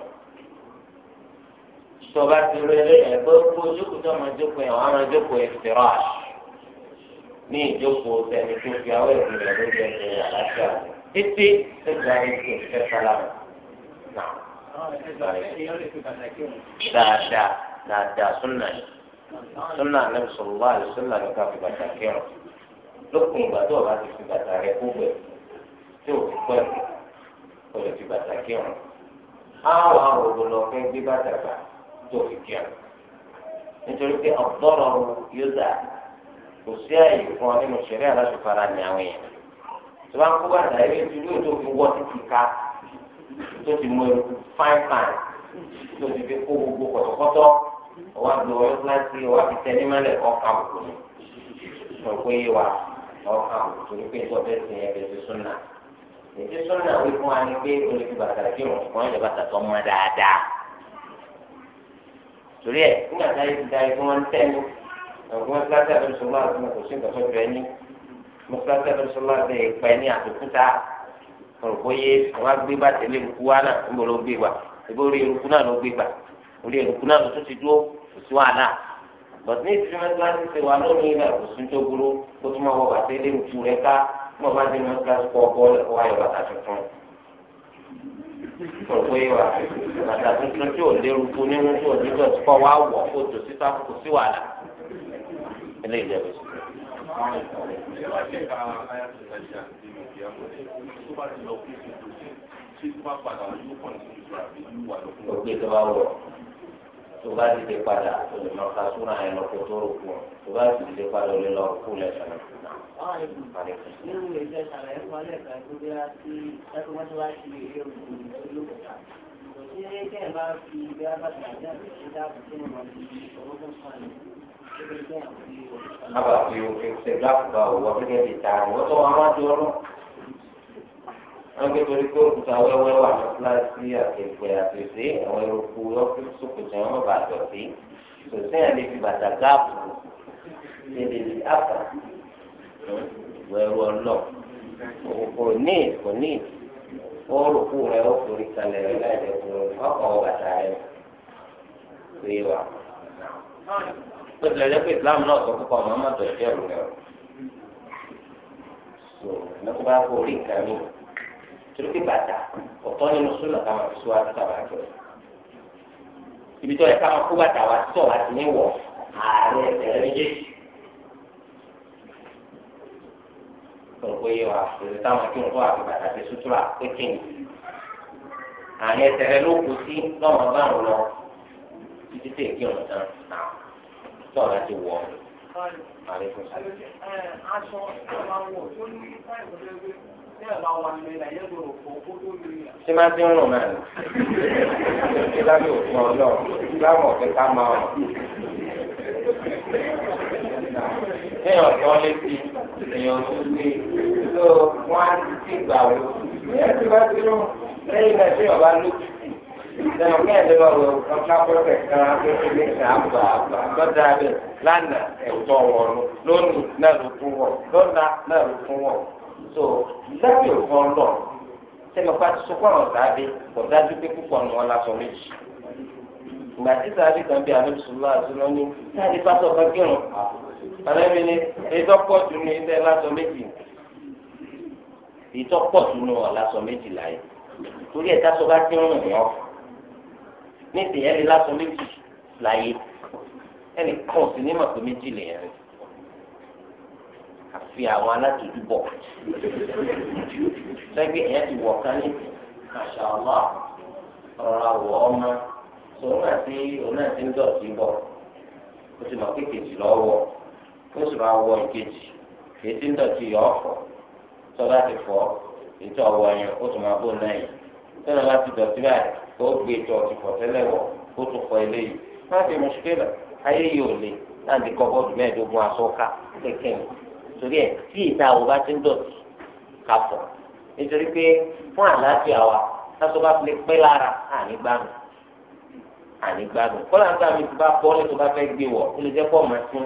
tọba ti rẹ lẹ́yìn ẹgbẹ́ kó jókòó tó ọmọ jókòó yẹn wọn máa jókòó ìfìrà ní ìjókòó tẹni tó fi àwọn ìgbìmọ̀ lórí ẹgbẹ́ àlàáfíà títí ẹgbẹ́ ayé tó fẹ́ sálámù náà. dáadáa dáadáa súnà yìí súnà nàbì sọ̀rọ̀ wá àlè súnà ní ká fi bàtà kírun lókun ìgbà tó o bá ti fi bàtà rẹ kó gbẹ tí o ti pẹ́ o lè fi bàtà kírun. àwọn àwọn òbò lọ fẹ́ gbé bàtà gbà. tó fi kí ọ nítorí pé ọ̀dọ́rọ̀ yóò kò sí àyè fún ọ nínú ṣẹlẹ̀ aláṣọ ní àwọn èèyàn tó bá ń kó bàtà ẹbí tí yóò tó fi wọ́ títí ká tó ti mú ẹrú fáin fáin tó ti fi kó gbogbo pọ̀tọ̀pọ̀tọ̀ ọwọ́ àgbẹ̀ ọyọ́ kíláàsì ọwọ́ àti tẹnimọ́lẹ̀ ọkà òkú ni ọ̀pẹ́ yé wa ọkà òkú torí pé ìtọ́ bẹ́ẹ̀ sìn ẹbẹ̀ ti súnà ètí súnà ni pé olùkí bàtà kí torí ẹ̀ nígbà tá a yẹ ti da ikú wọn tẹ́nu ọ̀gbọ́n mọ́sálásí àbẹ̀rẹ̀sọ̀lá àti kò sí nǹkan tó bẹ̀rẹ̀ ní mọ́sálásí àbẹ̀rẹ̀sọ̀lá àti ìpa ẹni àtòkúta òròkóyè wọn á gbé bá tẹ̀lé ìrùkú wa náà níbo ló gbé gbà ìbò orí ìrùkú náà ló gbé gbà orí ìrùkú náà ló tún ti dúró kò sí wàhálà bọ̀t ní ìsinmi mọ́sálásí ti wà lónìí ilẹ̀ kò sí tó burú kó tún máa wọ bàtẹ́lẹ̀ ìrùkú rẹ ká mọ́ bá dé mọ́sálásí kọ́ ọ ọ̀pọ̀ ìwà bàtà tuntun tí ò léwu tó nínú tí ò nígbà tí kò wá wọ̀ kó tó síta kò sí wàhálà ilé ìjẹ̀bù sí. Ògbé tó bá wọ̀ tó bá ti dé padà tó lè lọ ka súnà yẹn lọ kó tó rò kú tó bá ti dé padà lè lọ kú lẹ sọ̀rọ̀ kú náà. nínú ìjọ ìṣàlàyé fún alẹ́ kan tó bí a ti ẹgbẹ́ wọn tó bá ti rí ewu ìlú kọ̀ọ̀kan ṣé kẹ́hìn bá fi bí a bá ti àjẹ́ àti dáàbò tó ń lọ sí ọ̀rọ̀ wọn ké torí pé òkúta wẹ́wẹ́ wà ní kíláàsì àtẹ̀gbẹ́ àtẹ̀sí àwọn eruku lọ́fíìsì kùtù wọn bá tọ̀ sí sòsí yẹn lè fi bàtà gáàpù lédè lè àpà wẹ́rù ọlọ́ òkò ní kò ní òrùkù rẹ ó forí kalẹ̀ rẹ láì lè kúrò ọkọ̀ bàtà rẹ pé wà. ó ti lè jẹ́ pé Islam náà sọ pé kọ́ ọ̀mọ́ mọ́tò ìṣẹ́rù rẹ o. sọ ní kó bá forí kalẹ̀ torí bata bàtà ọ̀tọ̀ nínú súnà kama fi síwájú táwọn àjọ ibi tó yẹ káwọn bata wa wá tọ̀ wá a ní wọ̀ ààrẹ ẹ̀rẹ́ méjèèjì ihe wa èrè táwọn kí sutura pékin ààrẹ ẹ̀rẹ́ ló kù sí lọ́wọ́ báwọn lọ títí tẹ̀ kí n tán náà tọ̀ tí máa ti ń rùn náà ní ìlànà òfin ọlọ́run láwọn ọ̀fẹ́ ká máa rùn. Téèyàn tó ń létí èèyàn tó gbé ló wọ́n á ti gbà wò. Ìyá ti bá ti rùn lẹ́yìn náà tí ọba lójú lẹ́yìn ọ̀gá ẹ̀dẹ́ bá wọ ọ̀ká pọ́tẹ̀ kan lóṣù ní àgbà àgbà lọ́dà bẹ́ẹ̀ lánàá ẹ̀tọ́ wọ̀ lónìí náà ló tún wọ̀ lọ́dà náà ló tún wọ̀ so lábẹ́ òfin ọlọ́ sẹ́nìfà ti sọ fún àwọn sáábì kò dájú pé púpọ̀ nù wọn lásán méjì ìgbà tí sáábì kan bí alẹ́bùsùlá àtúná ní sáábì bá sọ fún kírun alẹ́bí ni ìtọ́pọ̀ tún ní ilé lásán méjì ìtọ́pọ̀ tún ní wọn lásán méjì láyé torí ẹ̀ tásọ bá kírun ní ọ ní ìsìn yẹn méjì láyé ẹnì kan ò sí ní màtó méjì lè yẹn àfi àwọn alátòjúbọ̀ lẹ́gbẹ́ ẹ̀yẹ́ ti wọ̀ kán ní àṣàlá ọ̀rọ̀ àwọ̀ ọmọ tó òun àti òun àti ń dọ̀tí bọ̀ ó ti mọ̀ kékeré lọ́wọ́ ó sì máa wọ ìkejì èyí tí ń dọ̀tí yọ ọ̀fọ̀ tó bá ti fọ̀ ètò ọ̀wọ̀ yẹn ó sì máa bó náà yìí tó náà bá ti dọ̀tí báyìí ó gbé wọ̀ ó tún ayé yìí ò torí ẹ̀ tí ìta àwọn bá ti ń dọ̀tí ká fọ̀ nítorí pé fún àlàáfíà wa lásán bá fi lè pẹ́ lára àní gbádùn àní gbádùn kọ́lá ń gbà mí ti bá bọ́ ní tó bá fẹ́ gbé wọ̀ ó lè jẹ́ pọ̀ mọ́ sí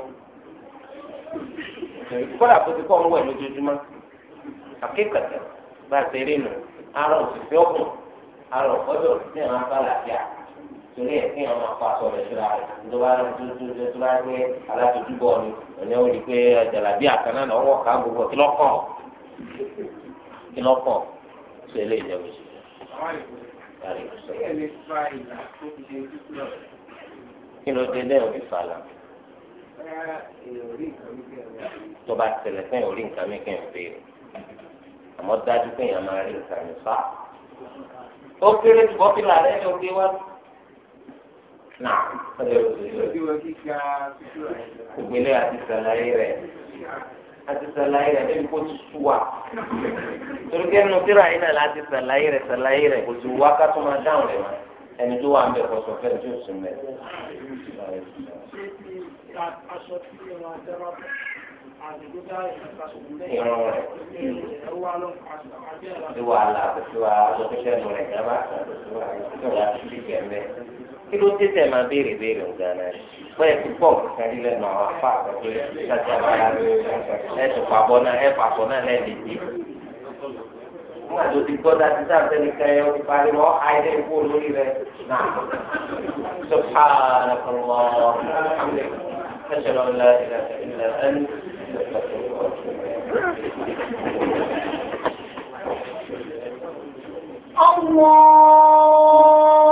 kọ́lá kó ti kọ́ ń wẹ̀ lójoojúmọ́ akékọ̀tẹ̀ bá ti rí nù arọ̀ òṣìṣẹ́ ọ̀gùn arọ̀ ọ̀gbọ́dọ̀ sí ẹ̀rọ afálàfíà torí ẹ̀ kí ọmọ akọ aṣọ rẹ̀ síra rẹ̀ ìjọba rẹ̀ tó tó tó tó láti alátòjúbọ̀ ni ọ̀yẹ́ wò ni pé jàlábí àkànná náà ọwọ́ kan gbogbo kí lọ́kàn kí lọ́kàn ṣe lè jẹ́ oṣù. kí ló dé lẹ́yìn òbí fa la. tó bá tẹ̀lé sẹ́yìn orí nǹkan mi kẹ́yìn béèrè àmọ́ dájú pé èèyàn máa rí nǹkan mi fa. ó kéré bọ́fìlà rẹ̀ ló gbé wá. náà ọjọ́ ìṣòro ìpínlẹ̀ àti sàlàyé rẹ̀ àti sàlàyé rẹ̀ níbi kó ti sú wa torí pé nínú tíra yìí náà láti sàlàyé rẹ̀ sàlàyé rẹ̀ kò sí wá ká tó máa dáhùn rẹ̀ mọ́ ẹni tó wà ń bẹ̀ kọ́sọ̀ fẹ́ tó sì mẹ́. Ìrọ̀ ti wà á la àti ti wà á lọ sí sẹ́nu rẹ̀ jábà àti ti wà kí ló dé tẹ̀ máa béèrè béèrè ọ̀gá náà bẹ́ẹ̀ tí pọ́ọ̀kì kárí lẹ́nu àwọn afá àgbẹ̀ láti abala ẹ̀ tó pàbọ̀ náà ẹ̀ pàbọ̀ náà lẹ́ẹ̀ lè dé. nígbà tó ti gbọ́ dájú sáà sẹ́ni kẹ́yẹ ó parí wọ́n ayé ikú olórí rẹ̀ náà tó pa àlọ́kọ̀ọ́ ẹ̀ṣẹ̀ lọ́la ìlẹ̀ ẹ̀ń Allah